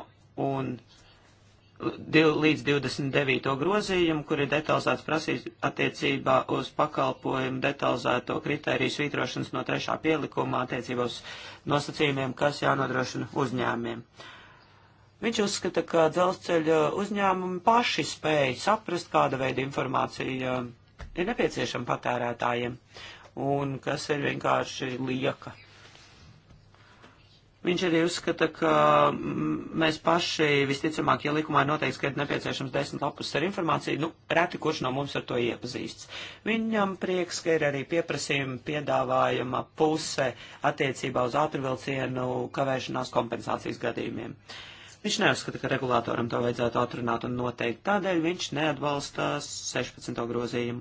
un līdz 29. grozījumu, kur ir detalizēts prasīs attiecībā uz pakalpojumu detalizēto kritēriju svītrošanas no trešā pielikuma attiecībā uz nosacījumiem, kas jānodrošina uzņēmiem. Viņš uzskata, ka dzelzceļa uzņēmumi paši spēj saprast, kāda veida informācija eh, ir nepieciešama patērētājiem un kas ir vienkārši lieka Viņš arī uzskata, ka mm, mēs paši visticamāk, ja likumā ir noteikts, ka ir nepieciešams desmit lapus ar informāciju, nu, reti kurš no mums ar to iepazīsts. Viņam prieks, ka ir arī pieprasījuma piedāvājuma puse attiecībā uz ātrvilcienu kavēšanās kompensācijas gadījumiem. Viņš neuzskata, ka regulātoram to vajadzētu atrunāt un noteikt, tādēļ viņš neatbalsta 16. grozījumu.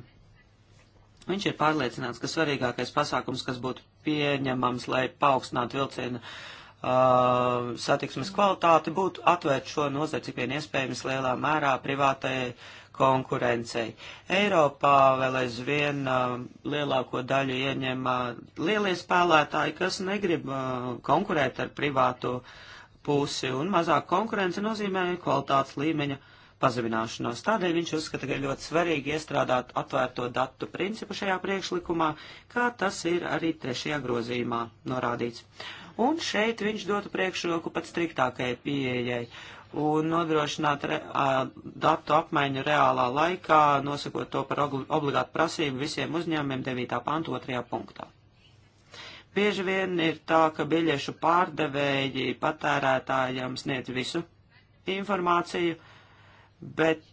Viņš ir pārliecināts, ka svarīgākais pasākums, kas būtu pieņemams, lai paaugstinātu vilcienu uh, Uh, satiksmes kvalitāti, būtu atvērt šo nozari cik vien iespējams lielā mērā privātajai konkurencei. Eiropā vēl aizvien uh, lielāko daļu ieņem uh, lielie spēlētāji, kas negrib uh, konkurēt ar privātu pusi, un mazāk konkurence nozīmē kvalitātes līmeņa pazemināšanos. Tādēļ viņš uzskata, ka ir ļoti svarīgi iestrādāt atvērto datu principu šajā priekšlikumā, kā tas ir arī trešajā grozījumā norādīts. Uh, un šeit viņš dotu priekšroku pat striktākajai pieejai un nodrošināt re, a, datu apmaiņu reālā laikā, nosakot to par obligātu prasību visiem uzņēmumiem 9. pantu 2. punktā. Bieži vien ir tā, ka biļešu pārdevēji patērētājiem sniedz visu informāciju, bet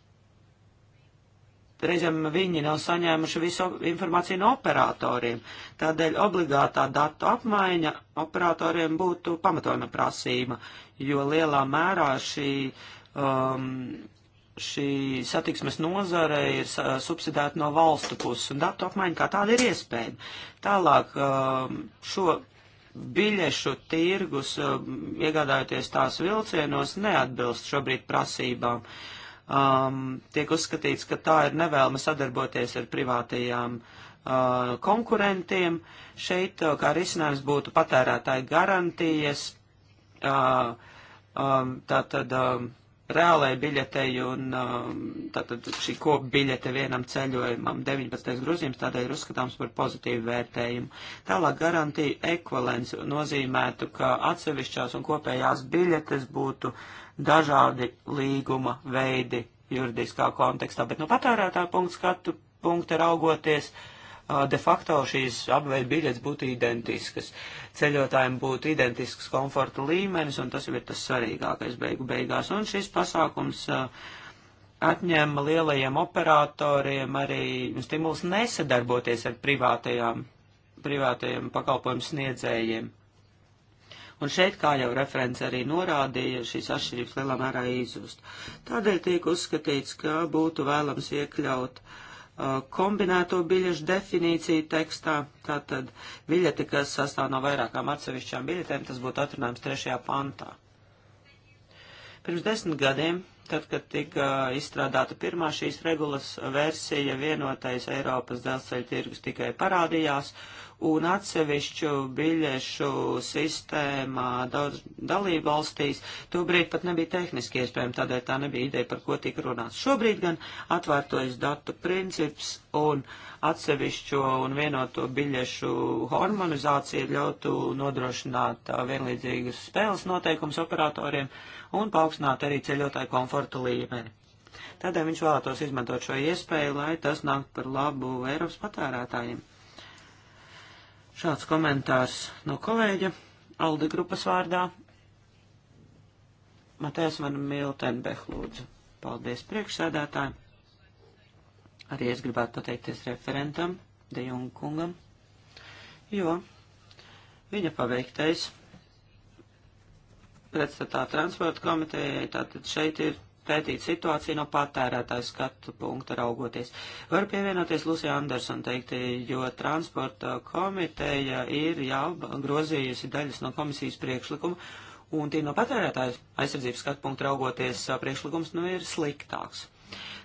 reizēm viņi nav saņēmuši visu informāciju no operatoriem. Tādēļ obligātā datu apmaiņa operatoriem būtu pamatojuma prasība, jo lielā mērā šī, um, šī satiksmes nozare ir subsidēta no valstu puses, un datu apmaiņa kā tāda ir iespēja. Tālāk um, šo biļešu tirgus, um, iegādājoties tās vilcienos, neatbilst šobrīd prasībām. Uh, um, tiek uzskatīts, ka tā ir nevēlme sadarboties ar privātajām uh, konkurentiem. Šeit uh, kā risinājums būtu patērētāju garantijas, uh, um, tātad um, reālai biļetei un um, tātad šī kopa biļete vienam ceļojumam. 19. grozījums tādēļ ir uzskatāms par pozitīvu vērtējumu. Tālāk garantija ekvalence nozīmētu, ka atsevišķās un kopējās biļetes būtu uh, dažādi līguma veidi juridiskā kontekstā, bet no patērētāja punktu skatu punkta raugoties, de facto šīs apveidu biļetes būtu identiskas. Ceļotājiem būtu identisks komforta līmenis, un tas jau ir tas svarīgākais beigu beigās. Un šis pasākums atņēma lielajiem operatoriem arī stimulus nesadarboties ar privātajām, privātajiem pakalpojumu sniedzējiem. Un šeit, kā jau referents arī norādīja, šīs atšķirības lielā mērā izzust. Tādēļ tiek uzskatīts, ka būtu vēlams iekļaut uh, kombinēto biļešu definīciju tekstā. Tātad biļete, kas sastāv no vairākām atsevišķām biļetēm, tas būtu atrunājums trešajā pantā. Pirms desmit gadiem tad, kad tika uh, izstrādāta pirmā šīs regulas versija, vienotais Eiropas dzelzceļa tirgus tikai parādījās, un atsevišķu biļešu sistēmā daudz dalību valstīs. Tobrīd pat nebija tehniski iespējami, tādēļ tā nebija ideja, par ko tika runāts. Šobrīd gan atvērtojas datu princips un atsevišķo un vienoto biļešu harmonizācija ļautu nodrošināt uh, vienlīdzīgus spēles noteikums operatoriem un paaugstināt arī ceļotāju komforta līmeni. Tādēļ viņš vēlētos izmantot šo iespēju, lai tas nāktu par labu Eiropas patērētājiem. Šāds komentārs no kolēģa Alde grupas vārdā. Matēs Van Miltenbech lūdzu. Paldies priekšsēdētājiem. Arī es gribētu pateikties referentam, De Junga kungam, jo viņa paveiktais pretstatā transporta komitejai, tātad šeit ir pētīt situāciju no patērētāju skatu punkta raugoties. Varu pievienoties Lūsija Andersona teikti, jo transporta komiteja ir jau grozījusi daļas no komisijas priekšlikuma, un tie no patērētāju aizsardzības skatu punkta raugoties priekšlikums nu ir sliktāks.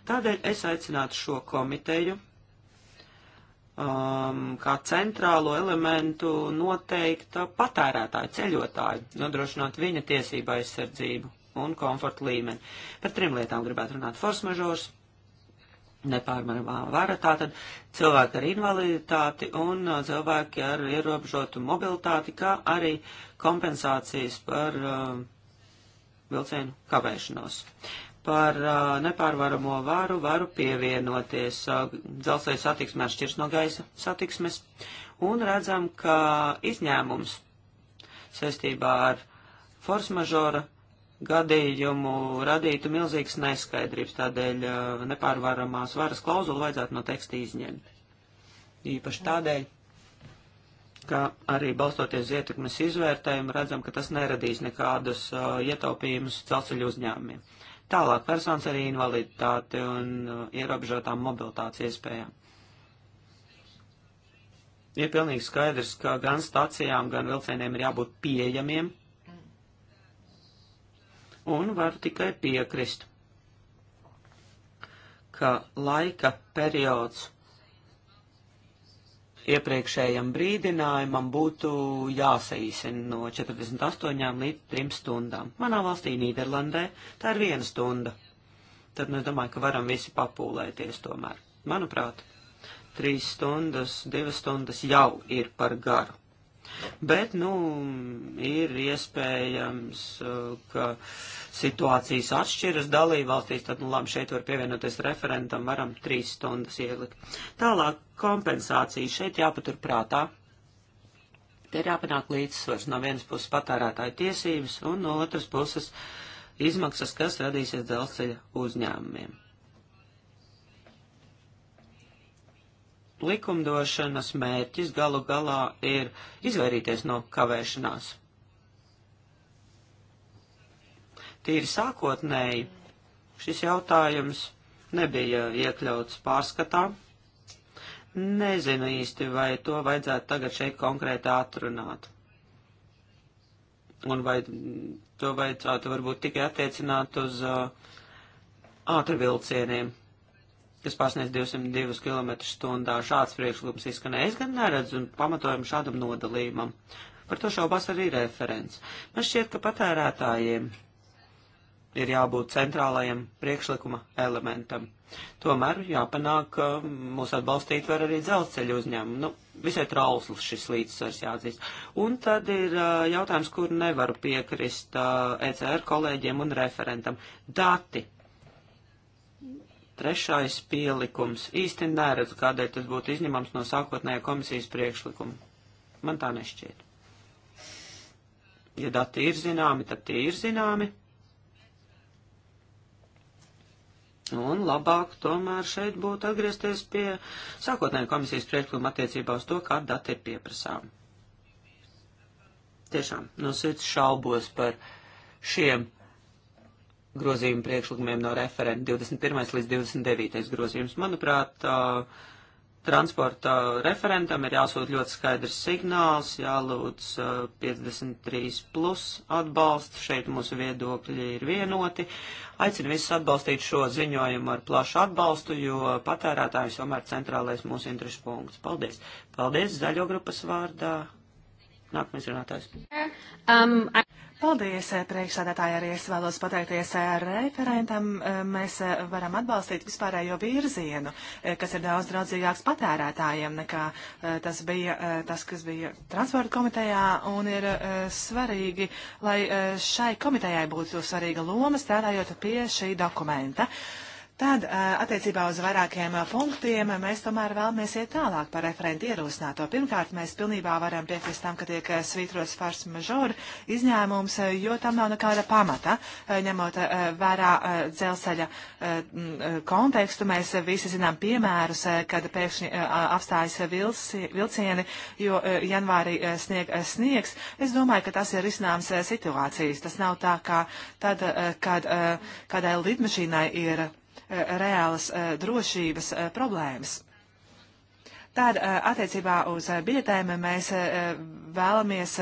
Tādēļ es aicinātu šo komiteju um, kā centrālo elementu noteikt patērētāju, ceļotāju, nodrošināt viņa tiesību aizsardzību un komforta līmeni. Par trim lietām gribētu runāt force mažors, nepārmaramā vara, tātad cilvēki ar invaliditāti un uh, cilvēki ar ierobežotu mobilitāti, kā arī kompensācijas par uh, vilcienu kavēšanos. Par uh, nepārvaramo varu varu pievienoties uh, dzelzceļa satiksmē šķirs no gaisa satiksmes un redzam, ka izņēmums saistībā ar force mažora uh, gadījumu radītu milzīgas neskaidrības, tādēļ eh, nepārvaramās varas klauzulu vajadzētu no teksta izņemt. Īpaši tādēļ, ka arī balstoties uz ietekmes izvērtējumu redzam, ka tas neradīs nekādus uh, ietaupījumus celceļu uzņēmumiem. Tālāk personas ar invaliditāti un uh, ierobežotām mobilitātes iespējām. Ir pilnīgi skaidrs, ka gan stacijām, gan vilcieniem ir jābūt pieejamiem un varu tikai piekrist, ka laika periods iepriekšējam brīdinājumam būtu jāsaīsina no 48 līdz 3 stundām. Manā valstī Nīderlandē tā ir viena stunda. Tad nu, es domāju, ka varam visi papūlēties tomēr. Manuprāt, 3 stundas, 2 stundas jau ir par garu. Bet, nu, ir iespējams, uh, ka situācijas atšķiras dalībvalstīs, tad, nu, labi, šeit var pievienoties referentam, varam trīs stundas ielikt. Tālāk kompensācija šeit jāpatur prātā. Te ir jāpanāk līdzsvars no vienas puses patērētāju tiesības un no otras puses izmaksas, kas radīsies dzelzceļa uzņēmumiem. likumdošanas mērķis galu galā ir izvairīties no kavēšanās. Tīri sākotnēji šis jautājums nebija iekļauts pārskatā. Nezinu īsti, vai to vajadzētu tagad šeit konkrēti atrunāt. Un vai to vajadzētu varbūt tikai attiecināt uz uh, ātrvilcieniem kas pārsniedz 202 km stundā. Šāds priekšlikums izskanēja. Es gan neredzu pamatojumu šādam nodalījumam. Par to šaubās arī referents. Man šķiet, ka patērētājiem ir jābūt centrālajam priekšlikuma elementam. Tomēr jāpanāk, ka mūs atbalstīt var arī dzelzceļu uzņēmumu. Nu, visai trausls šis līdzsvars jāatzīst. Un tad ir jautājums, kur nevaru piekrist ECR kolēģiem un referentam. Dati Trešais pielikums. Īsti neredzu, kādēļ tas būtu izņemams no sākotnējā komisijas priekšlikuma. Man tā nešķiet. Ja dati ir zināmi, tad tie ir zināmi. Un labāk tomēr šeit būtu atgriezties pie sākotnējā komisijas priekšlikuma attiecībā uz to, kāda data ir pieprasām. Tiešām no sirds šaubos par šiem grozījumu priekšlikumiem no referenta 21. līdz 29. grozījums. Manuprāt, transporta referentam ir jāsūt ļoti skaidrs signāls, jālūdz 53 plus atbalsts, šeit mūsu viedokļi ir vienoti. Aicinu visus atbalstīt šo ziņojumu ar plašu atbalstu, jo patērētājs tomēr centrālais mūsu interešu punkts. Paldies! Paldies zaļo grupas vārdā! Nākamais runātājs.
Um, I... Paldies, eh, priekšsādātāji, arī es vēlos pateikties eh, referentam. Eh, mēs varam atbalstīt vispārējo virzienu, kas ir daudz draudzīgāks patērētājiem nekā tas bija, tas, kas bija transporta komitejā, un ir svarīgi, lai šai komitejai būtu svarīga loma strādājot pie šī dokumenta. Uh, Tad attiecībā uz vairākiem punktiem mēs tomēr vēlamies iet tālāk par referentu ierosināto. Pirmkārt, mēs pilnībā varam piekrist tam, ka tiek svītrots fars mažor izņēmums, jo tam nav nekāda pamata. Ņemot vērā dzelzceļa kontekstu, mēs visi zinām piemērus, kad pēkšņi apstājas vilsi, vilcieni, jo janvārī snieg sniegs. Es domāju, ka tas ir izcināms situācijas. Tas nav tā kā tad, kad kādai lidmašīnai ir reālas eh, drošības eh, problēmas. Tad eh, attiecībā uz biļetēm mēs vēlamies,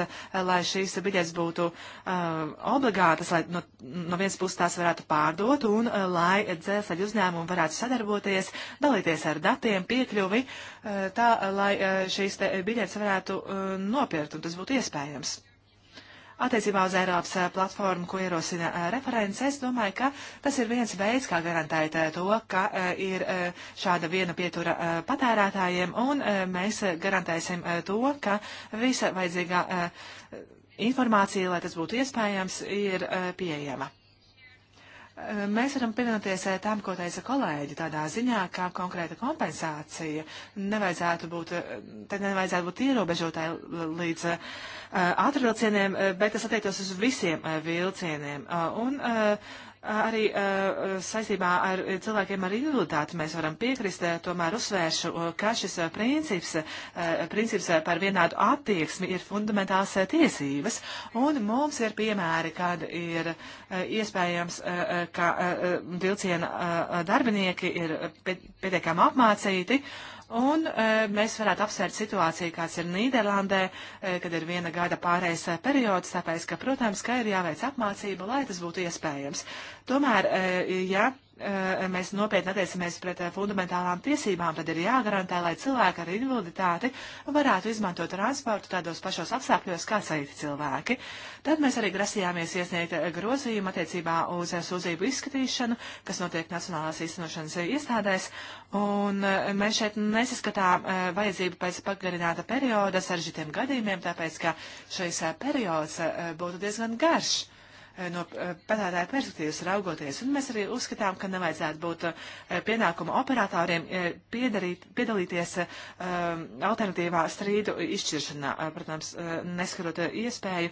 lai šīs biļetes būtu obligātas, lai no, no vienas puses tās varētu pārdot un lai dzelzceļa uzņēmumi varētu sadarboties, dalīties ar datiem, piekļuvi, tā lai šīs biļetes varētu nopirkt un tas būtu iespējams. Attiecībā uz Eiropas eh, platformu, ko ierosina eh, referents, es domāju, ka tas ir viens veids, kā garantēt eh, to, ka ir šāda viena pietura patērētājiem, un mēs garantēsim to, ka visa vajadzīgā informācija, lai tas būtu iespējams, ir pieejama. Mēs varam pievienoties eh, tam, ko teica kolēģi, tādā ziņā, kā konkrēta kompensācija nevajadzētu būt, eh, te nevajadzētu būt ierobežotāji līdz uh, ātrvilcieniem, bet tas attiektos uz visiem uh, vilcieniem. Uh, un Arī uh, saistībā ar cilvēkiem ar invaliditāti mēs varam piekrist, tomēr uzsvēršu, ka šis princips, uh, princips par vienādu attieksmi ir fundamentāls uh, tiesības, un mums ir piemēri, kad ir iespējams, ka vilciena darbinieki ir pietiekami apmācīti, Un e, mēs varētu apsvērt situāciju, kāds ir Nīderlandē, e, kad ir viena gada pārējais e, periods, tāpēc, ka, protams, ka ir jāveic apmācība, lai tas būtu iespējams. Tomēr, ja Eh, mēs nopietni attiecamies pret eh, fundamentālām tiesībām, tad ir jāgarantē, lai cilvēki ar invaliditāti varētu izmantot transportu tādos pašos apstākļos kā citi cilvēki. Tad mēs arī grasījāmies iesniegt eh, grozījumu attiecībā uz sūdzību izskatīšanu, kas notiek Nacionālās īstenošanas iestādēs, un mēs šeit nesaskatām vajadzību pēc pagarināta perioda saržģītiem gadījumiem, tāpēc, ka šis periods būtu diezgan garš Eh, no eh, patērētāja perspektīvas raugoties. Un mēs arī uzskatām, ka nevajadzētu būt eh, pienākuma operatoriem piedarīt, piedalīties alternatīvā strīdu izšķiršanā, protams, neskarot iespēju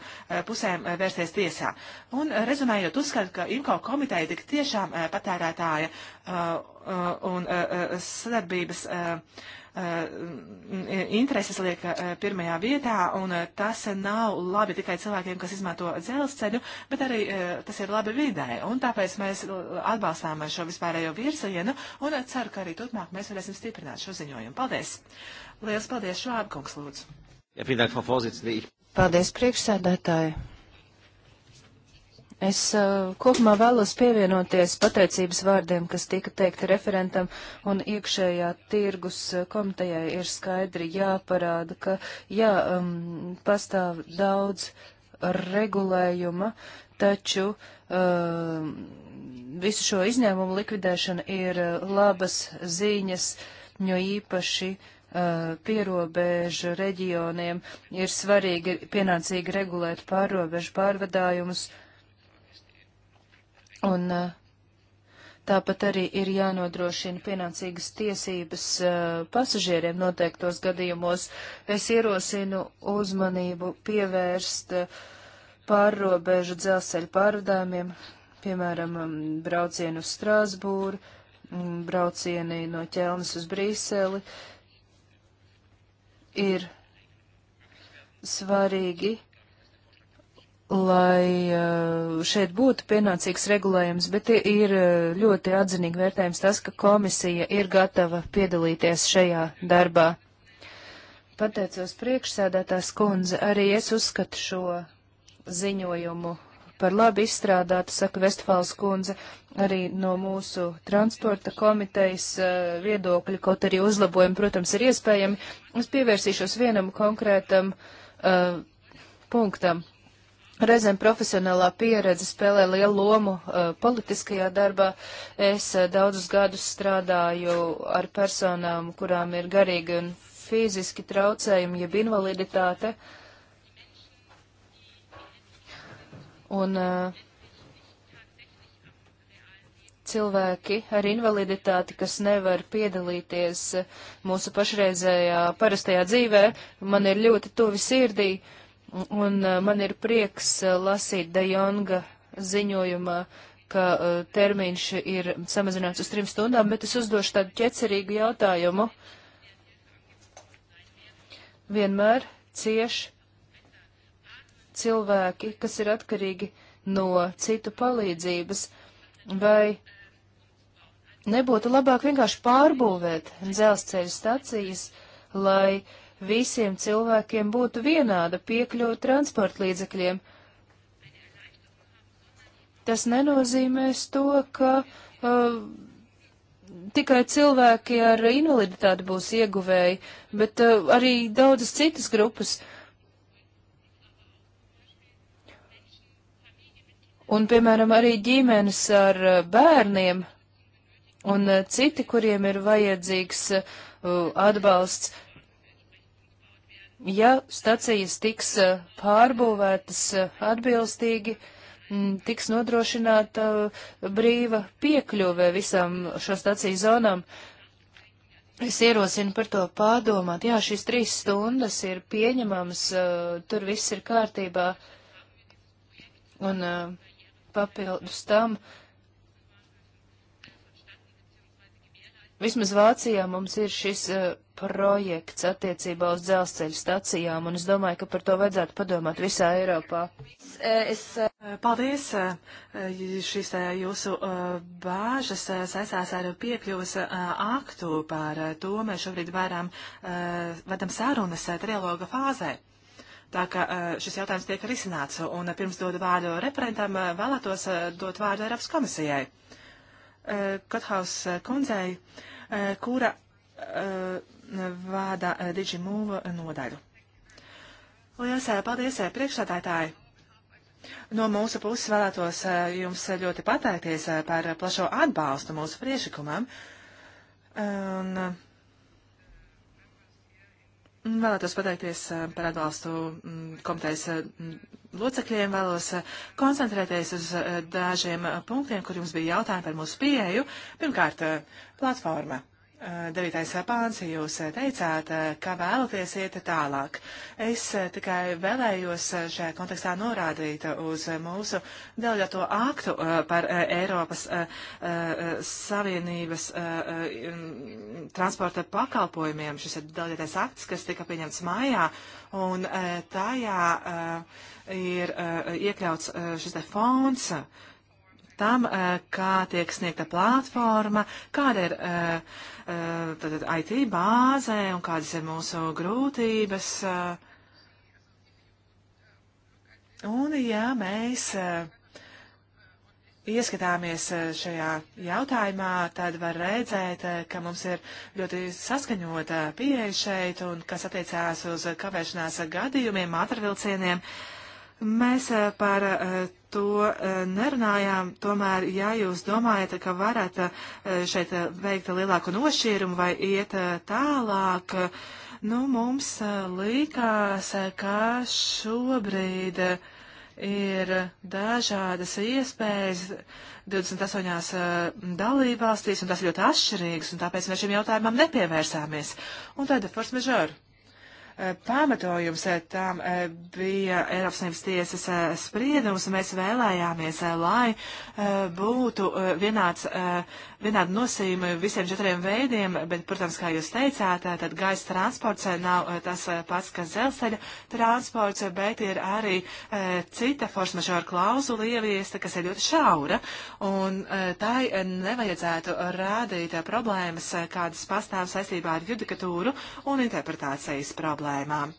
pusēm vērsties tiesā. Un rezumējot, uzskatu, ka IMCO komiteja tik tiešām patērētāja un eh, eh, sadarbības eh, intereses liek pirmajā vietā, un tas nav labi tikai cilvēkiem, kas izmanto dzelzceļu, bet arī tas ir labi vidē, un tāpēc mēs atbalstām šo vispārējo virsienu, un ceru, ka arī turpmāk mēs varēsim stiprināt šo ziņojumu. Paldies! Lielas paldies, Švābkungs,
lūdzu!
Paldies, priekšsēdētāji! Es uh, kopumā vēlos pievienoties pateicības vārdiem, kas tika teikti referentam, un iekšējā tirgus komitejai ir skaidri jāparāda, ka jā, um, pastāv daudz regulējuma, taču uh, visu šo izņēmumu likvidēšana ir labas ziņas, jo īpaši uh, pierobežu reģioniem ir svarīgi pienācīgi regulēt pārobežu pārvadājumus Un eh, tāpat arī ir jānodrošina pienācīgas tiesības eh, pasažieriem noteiktos gadījumos. Es ierosinu uzmanību pievērst eh, pārrobežu dzelzceļu pārvadājumiem, piemēram, mm, braucienu uz Strāsbūru, mm, braucieni no ķelnes uz Brīseli. Ir svarīgi lai eh, šeit būtu pienācīgs regulējums, bet ir eh, ļoti atzinīgi vērtējums tas, ka komisija ir gatava piedalīties šajā darbā. Pateicos priekšsēdētās kundze, arī es uzskatu šo ziņojumu par labi izstrādātu, saka Vestfāls kundze, arī no mūsu transporta komitejas eh, viedokļa, kaut arī uzlabojumi, protams, ir iespējami. Es pievērsīšos vienam konkrētam uh, punktam. Reizēm profesionālā pieredze spēlē lielu lomu uh, politiskajā darbā. Es uh, daudzus gadus strādāju ar personām, kurām ir garīgi un fiziski traucējumi, jeb invaliditāte. Un uh, cilvēki ar invaliditāti, kas nevar piedalīties uh, mūsu pašreizējā parastajā dzīvē, man ir ļoti tuvi sirdī. Uh, Un uh, man ir prieks uh, lasīt De Jonga ziņojumā, ka uh, termiņš ir samazināts uz trim stundām, bet es uzdošu tādu ķecerīgu jautājumu. Vienmēr cieš cilvēki, kas ir atkarīgi no citu palīdzības, vai nebūtu labāk vienkārši pārbūvēt dzelzceļa stacijas, lai uh, visiem cilvēkiem būtu vienāda piekļuva transporta līdzekļiem. Tas nenozīmēs to, ka uh, tikai cilvēki ar invaliditāti būs ieguvēji, bet uh, arī daudzas citas grupas. Un, piemēram, arī ģimenes ar uh, bērniem un uh, citi, kuriem ir vajadzīgs uh, atbalsts. Ja stacijas tiks eh, pārbūvētas eh, atbilstīgi, tiks nodrošināta eh, brīva piekļuve visām šo staciju zonām. Es ierosinu par to pārdomāt. Jā, šīs trīs stundas ir pieņemamas, tur viss ir kārtībā. Un papildus tam, vismaz Vācijā mums ir šis projekts attiecībā uz dzelzceļu stacijām, un es domāju, ka par to vajadzētu padomāt visā Eiropā.
Es, es... Eh, paldies! Eh, Šīs eh, jūsu bāžas saistās ar piekļuvas aktu par to. Mēs šobrīd varam, vedam sarunas trialoga fāzē. Tā kā šis jautājums tiek risināts, un pirms dodu vārdu referentam, vēlētos dot vārdu Eiropas komisijai. Kothaus kundzei, kura vada eh, Digimove nodaļu. Lielas eh, paldies, eh, priekšsādātāji! No mūsu puses vēlētos jums ļoti pateikties par plašo atbalstu mūsu priešakumam. Un vēlētos pateikties par atbalstu mm, komitejas locekļiem. Vēlos koncentrēties uz dažiem punktiem, kur jums bija jautājumi par mūsu pieeju. Pirmkārt, platforma. Eh, devītais pāns, jūs eh, teicāt, eh, ka vēlaties iet tālāk. Es tikai vēlējos šajā kontekstā norādīt uz mūsu delegāto aktu par Eiropas Savienības transporta pakalpojumiem. Šis ir delegātais akts, kas tika pieņemts mājā, un tajā ir iekļauts šis te fonds tam, kā tiek sniegta platforma, kāda ir Eh, tātad IT bāzē un kādas ir mūsu grūtības. Eh. Un ja mēs eh, ieskatāmies šajā jautājumā, tad var redzēt, ka mums ir ļoti saskaņota pieeja šeit un kas attiecās uz kavēšanās gadījumiem, ātrvilcieniem. Uh, Mēs eh, par eh, to eh, nerunājām, tomēr, ja jūs domājat, ka varat šeit veikt lielāku nošķīrumu vai iet tālāk, nu, mums likās, ka šobrīd ir dažādas iespējas 28 dalībvalstīs, un tas ir ļoti atšķirīgs, un tāpēc mēs šim jautājumam nepievērsāmies. Un tāda force majeure. Eh, pamatojums eh, tam eh, bija Eiropas Savienības tiesas spriedums, un mēs vēlējāmies, lai būtu vienāds vienādu nosījumu visiem četriem veidiem, bet, protams, kā jūs teicāt, tad gaisa transports nav tas pats, kas dzelzceļa transports, bet ir arī cita force majeure klauzula ieviesta, kas ir ļoti šaura, un tai nevajadzētu rādīt problēmas, kādas pastāv saistībā ar judikatūru un interpretācijas problēmām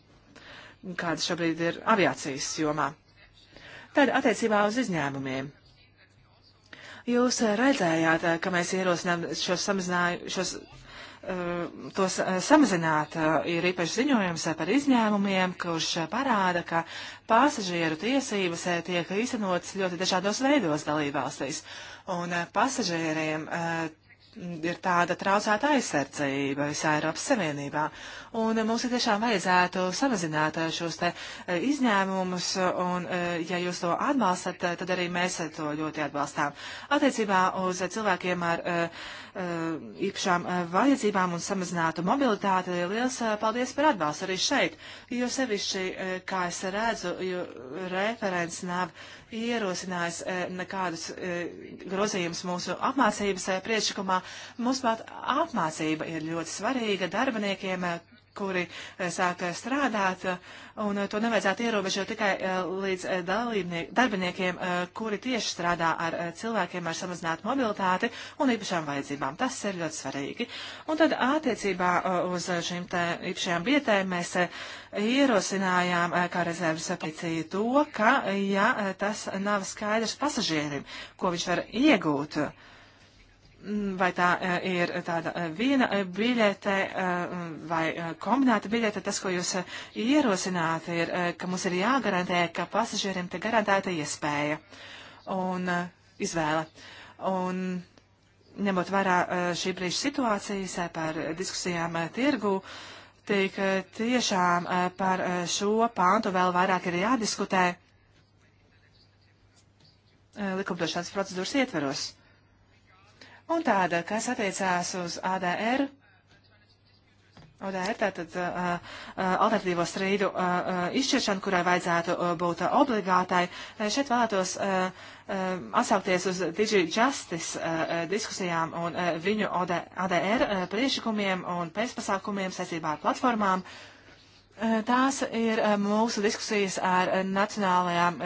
kāda šobrīd ir aviācijas jomā. Tad attiecībā uz izņēmumiem. Jūs eh, redzējāt, eh, ka mēs ierosinām šos samazinājumus, eh, tos samazināt. Ir īpaši ziņojums par izņēmumiem, kurš parāda, ka pasažieru tiesības tiek īstenotas ļoti dažādos veidos dalībvalstīs. Un pasažieriem ir tāda traucēta aizsardzība visā Eiropas Savienībā. Un mums ir tiešām vajadzētu samazināt eh, šos te eh, izņēmumus, un eh, ja jūs to atbalstat, tad arī mēs to ļoti atbalstām. Attiecībā uz cilvēkiem ar īpašām vajadzībām un samazinātu mobilitāti, liels paldies par atbalstu arī šeit, jo sevišķi, kā es redzu, referents nav ierosinājis e, nekādus e, grozījumus mūsu apmācības e, priekšlikumā. Mums pat apmācība ir ļoti svarīga darbiniekiem, kuri eh, sāk eh, strādāt, eh, un to nevajadzētu ierobežot tikai līdz darbiniekiem, kuri tieši strādā ar cilvēkiem ar samazinātu mobilitāti un īpašām vajadzībām. Tas ir ļoti svarīgi. Un tad attiecībā uz šīm īpašajām vietēm mēs ierosinājām, kā rezerves aplicīja to, ka, ja tas nav skaidrs pasažierim, ko viņš var iegūt, vai tā eh, ir tāda eh, viena eh, biļete mm, vai kombinēta biļete, tas, ko jūs ierosināt, ir, ka mums ir jāgarantē, ka pasažieriem te garantēta iespēja un izvēle. Un ņemot vērā šī brīža situācijas par diskusijām tirgu, tik tiešām par šo pāntu vēl vairāk ir jādiskutē likumdošanas procedūras ietveros un tāda, kas attiecās uz ADR. ODR tātad uh, uh, alternatīvo strīdu uh, uh, izšķiršanu, kurai vajadzētu uh, būt obligātai. Uh, šeit vēlētos atsaukties uz Digi Justice diskusijām un viņu OD, ADR priekšlikumiem un pēcpasākumiem saistībā ar platformām. Uh, Eh, tās ir eh, mūsu diskusijas ar eh, nacionālajām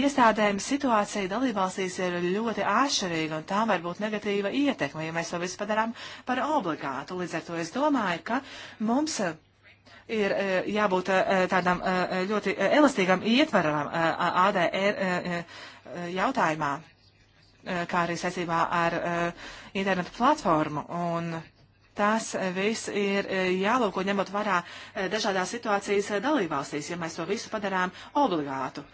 iestādēm. Situācija dalībvalstīs ir ļoti atšķirīga un tā var būt negatīva ietekme, ja mēs to visu padarām par obligātu. Līdz ar to es domāju, ka mums ir jābūt tādam ļoti elastīgam ietvaram ADR e, jautājumā, kā arī saistībā ar internetu platformu. Un Tas viss ir e, jālūko ņemot vērā e, dažādās situācijas e, dalībvalstīs, ja mēs to visu padarām obligātu.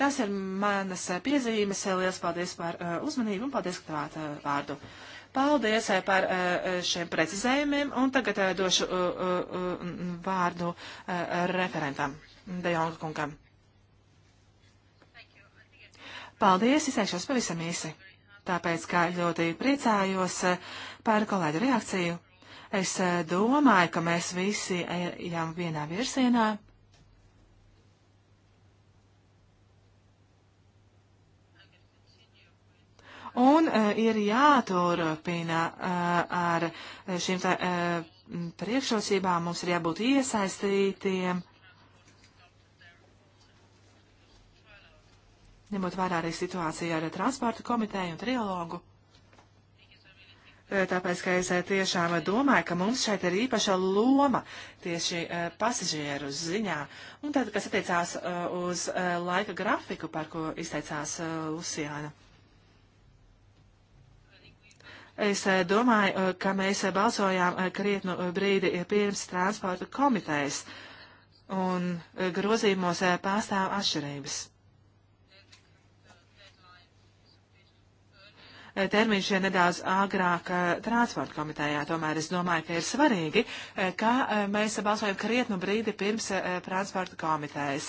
Tas ir manas piezīmes. Lielas paldies par uzmanību un paldies, ka tavāt vārdu. Paldies par šiem precizējumiem, un tagad došu vārdu referentam, Dejonga kungam. Paldies, izteikšos pavisam īsi, tāpēc, kā ļoti priecājos par kolēģu reakciju Es eh, domāju, ka mēs visi ejam vienā virsienā. Un uh, ir jāturpina uh, ar šīm tā, uh, priekšrocībām, mums ir jābūt iesaistītiem. Ņemot vērā arī situāciju ar transporta komiteju un trilogu tāpēc, ka es tiešām domāju, ka mums šeit ir īpaša loma tieši pasažieru ziņā. Un tad, kas attiecās uz laika grafiku, par ko izteicās Lusiāna. Es domāju, ka mēs balsojām krietnu brīdi pirms transporta komitejas, un grozījumos pastāv atšķirības. Eh, termiņš nedaudz agrāk eh, transporta komitējā. Tomēr es domāju, ka ir svarīgi, eh, ka mēs balsojam krietnu brīdi pirms transporta komitejas,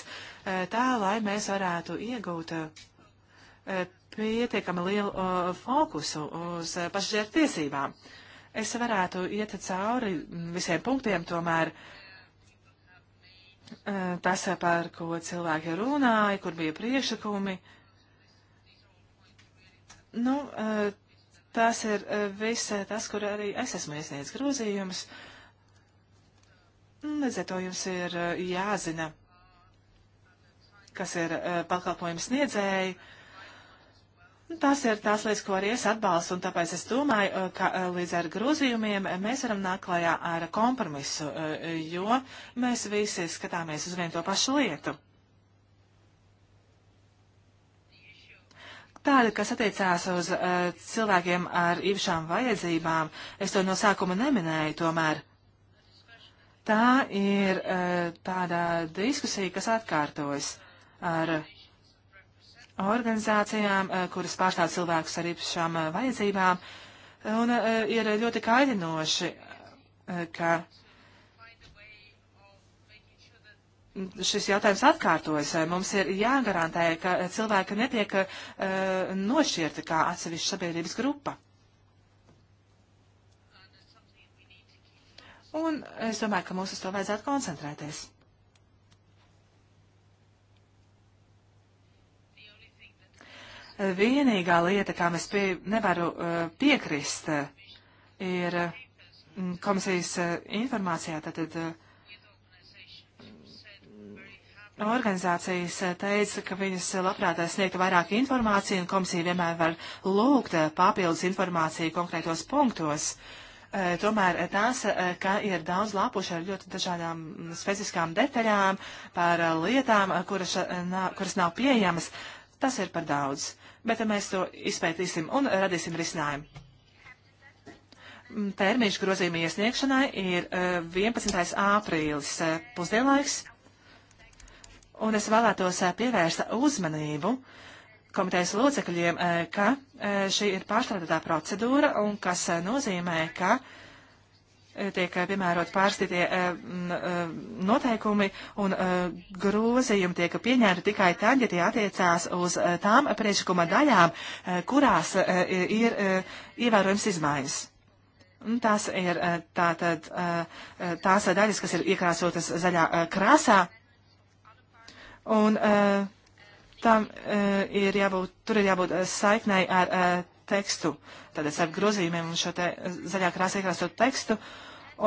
tā lai mēs varētu iegūt pietiekami lielu fokusu uz pasažieru tiesībām. Es varētu iet cauri visiem punktiem, tomēr tas, par ko cilvēki runāja, kur bija priekšlikumi. Uh, Nu, eh, tās ir eh, visi tas, kur arī es esmu iesniedzis grozījumus. Nu, līdz ar to jums ir eh, jāzina, kas ir pakalpojums sniedzēji. Nu, tas ir tās lietas, ko arī es atbalstu, un tāpēc es domāju, ka līdz ar grozījumiem mēs varam nākt klajā ar kompromisu, jo mēs visi skatāmies uz vienu to pašu lietu. Tāda, kas attiecās uz uh, cilvēkiem ar īpašām vajadzībām, es to no sākuma neminēju tomēr. Tā ir uh, tāda diskusija, kas atkārtojas ar organizācijām, uh, kuras pārstāv cilvēkus ar īpašām uh, vajadzībām, un uh, ir ļoti kaidinoši, uh, ka uh, šis jautājums atkārtojas. Mums ir jāgarantē, ka cilvēki netiek uh, nošķirti kā atsevišķa sabiedrības grupa. Un es domāju, ka mums uz to vajadzētu koncentrēties. Vienīgā lieta, kā mēs pie, nevaru uh, piekrist, eh, ir mm, komisijas uh, informācijā, tātad uh, Organizācijas eh, teica, ka viņas eh, labprāt eh, sniegtu vairāk informāciju, un komisija vienmēr var lūgt papildus informāciju konkrētos punktos. Tomēr tās, ka ir daudz lapuši ar ļoti dažādām mm, specifiskām detaļām par lietām, kuras, kuras nav pieejamas, tas ir par daudz. Bet mēs to izpētīsim un radīsim risinājumu. Mm, termiņš grozījuma iesniegšanai ir 11. aprīlis pusdienlaiks. Un es vēlētos eh, pievērst uzmanību komitejas locekļiem, eh, ka eh, šī ir pārstrādātā procedūra un kas nozīmē, ka tiek piemērot pārstītie noteikumi un grozījumi tiek pieņemti tikai tad, ja tie attiecās uz tām priekšlikuma daļām, kurās ir ievērojams izmaiņas. Tās ir tātad tās daļas, kas ir iekrāsotas zaļā krāsā, Un uh, tam uh, ir jābūt, tur ir jābūt uh, saiknai ar tekstu, tātad ar grozījumiem un šo te zaļā krāsā iekrāsot tekstu.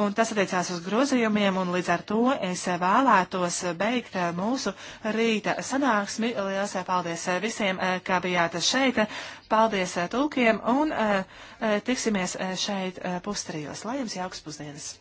Un tas attiecās uz grozījumiem, un līdz ar to es vēlētos beigt mūsu rīta sanāksmi. Lielas paldies visiem, kā bijāt šeit. Paldies tūkiem, un tiksimies šeit pustrijos. Lai jums jauks
pusdienas!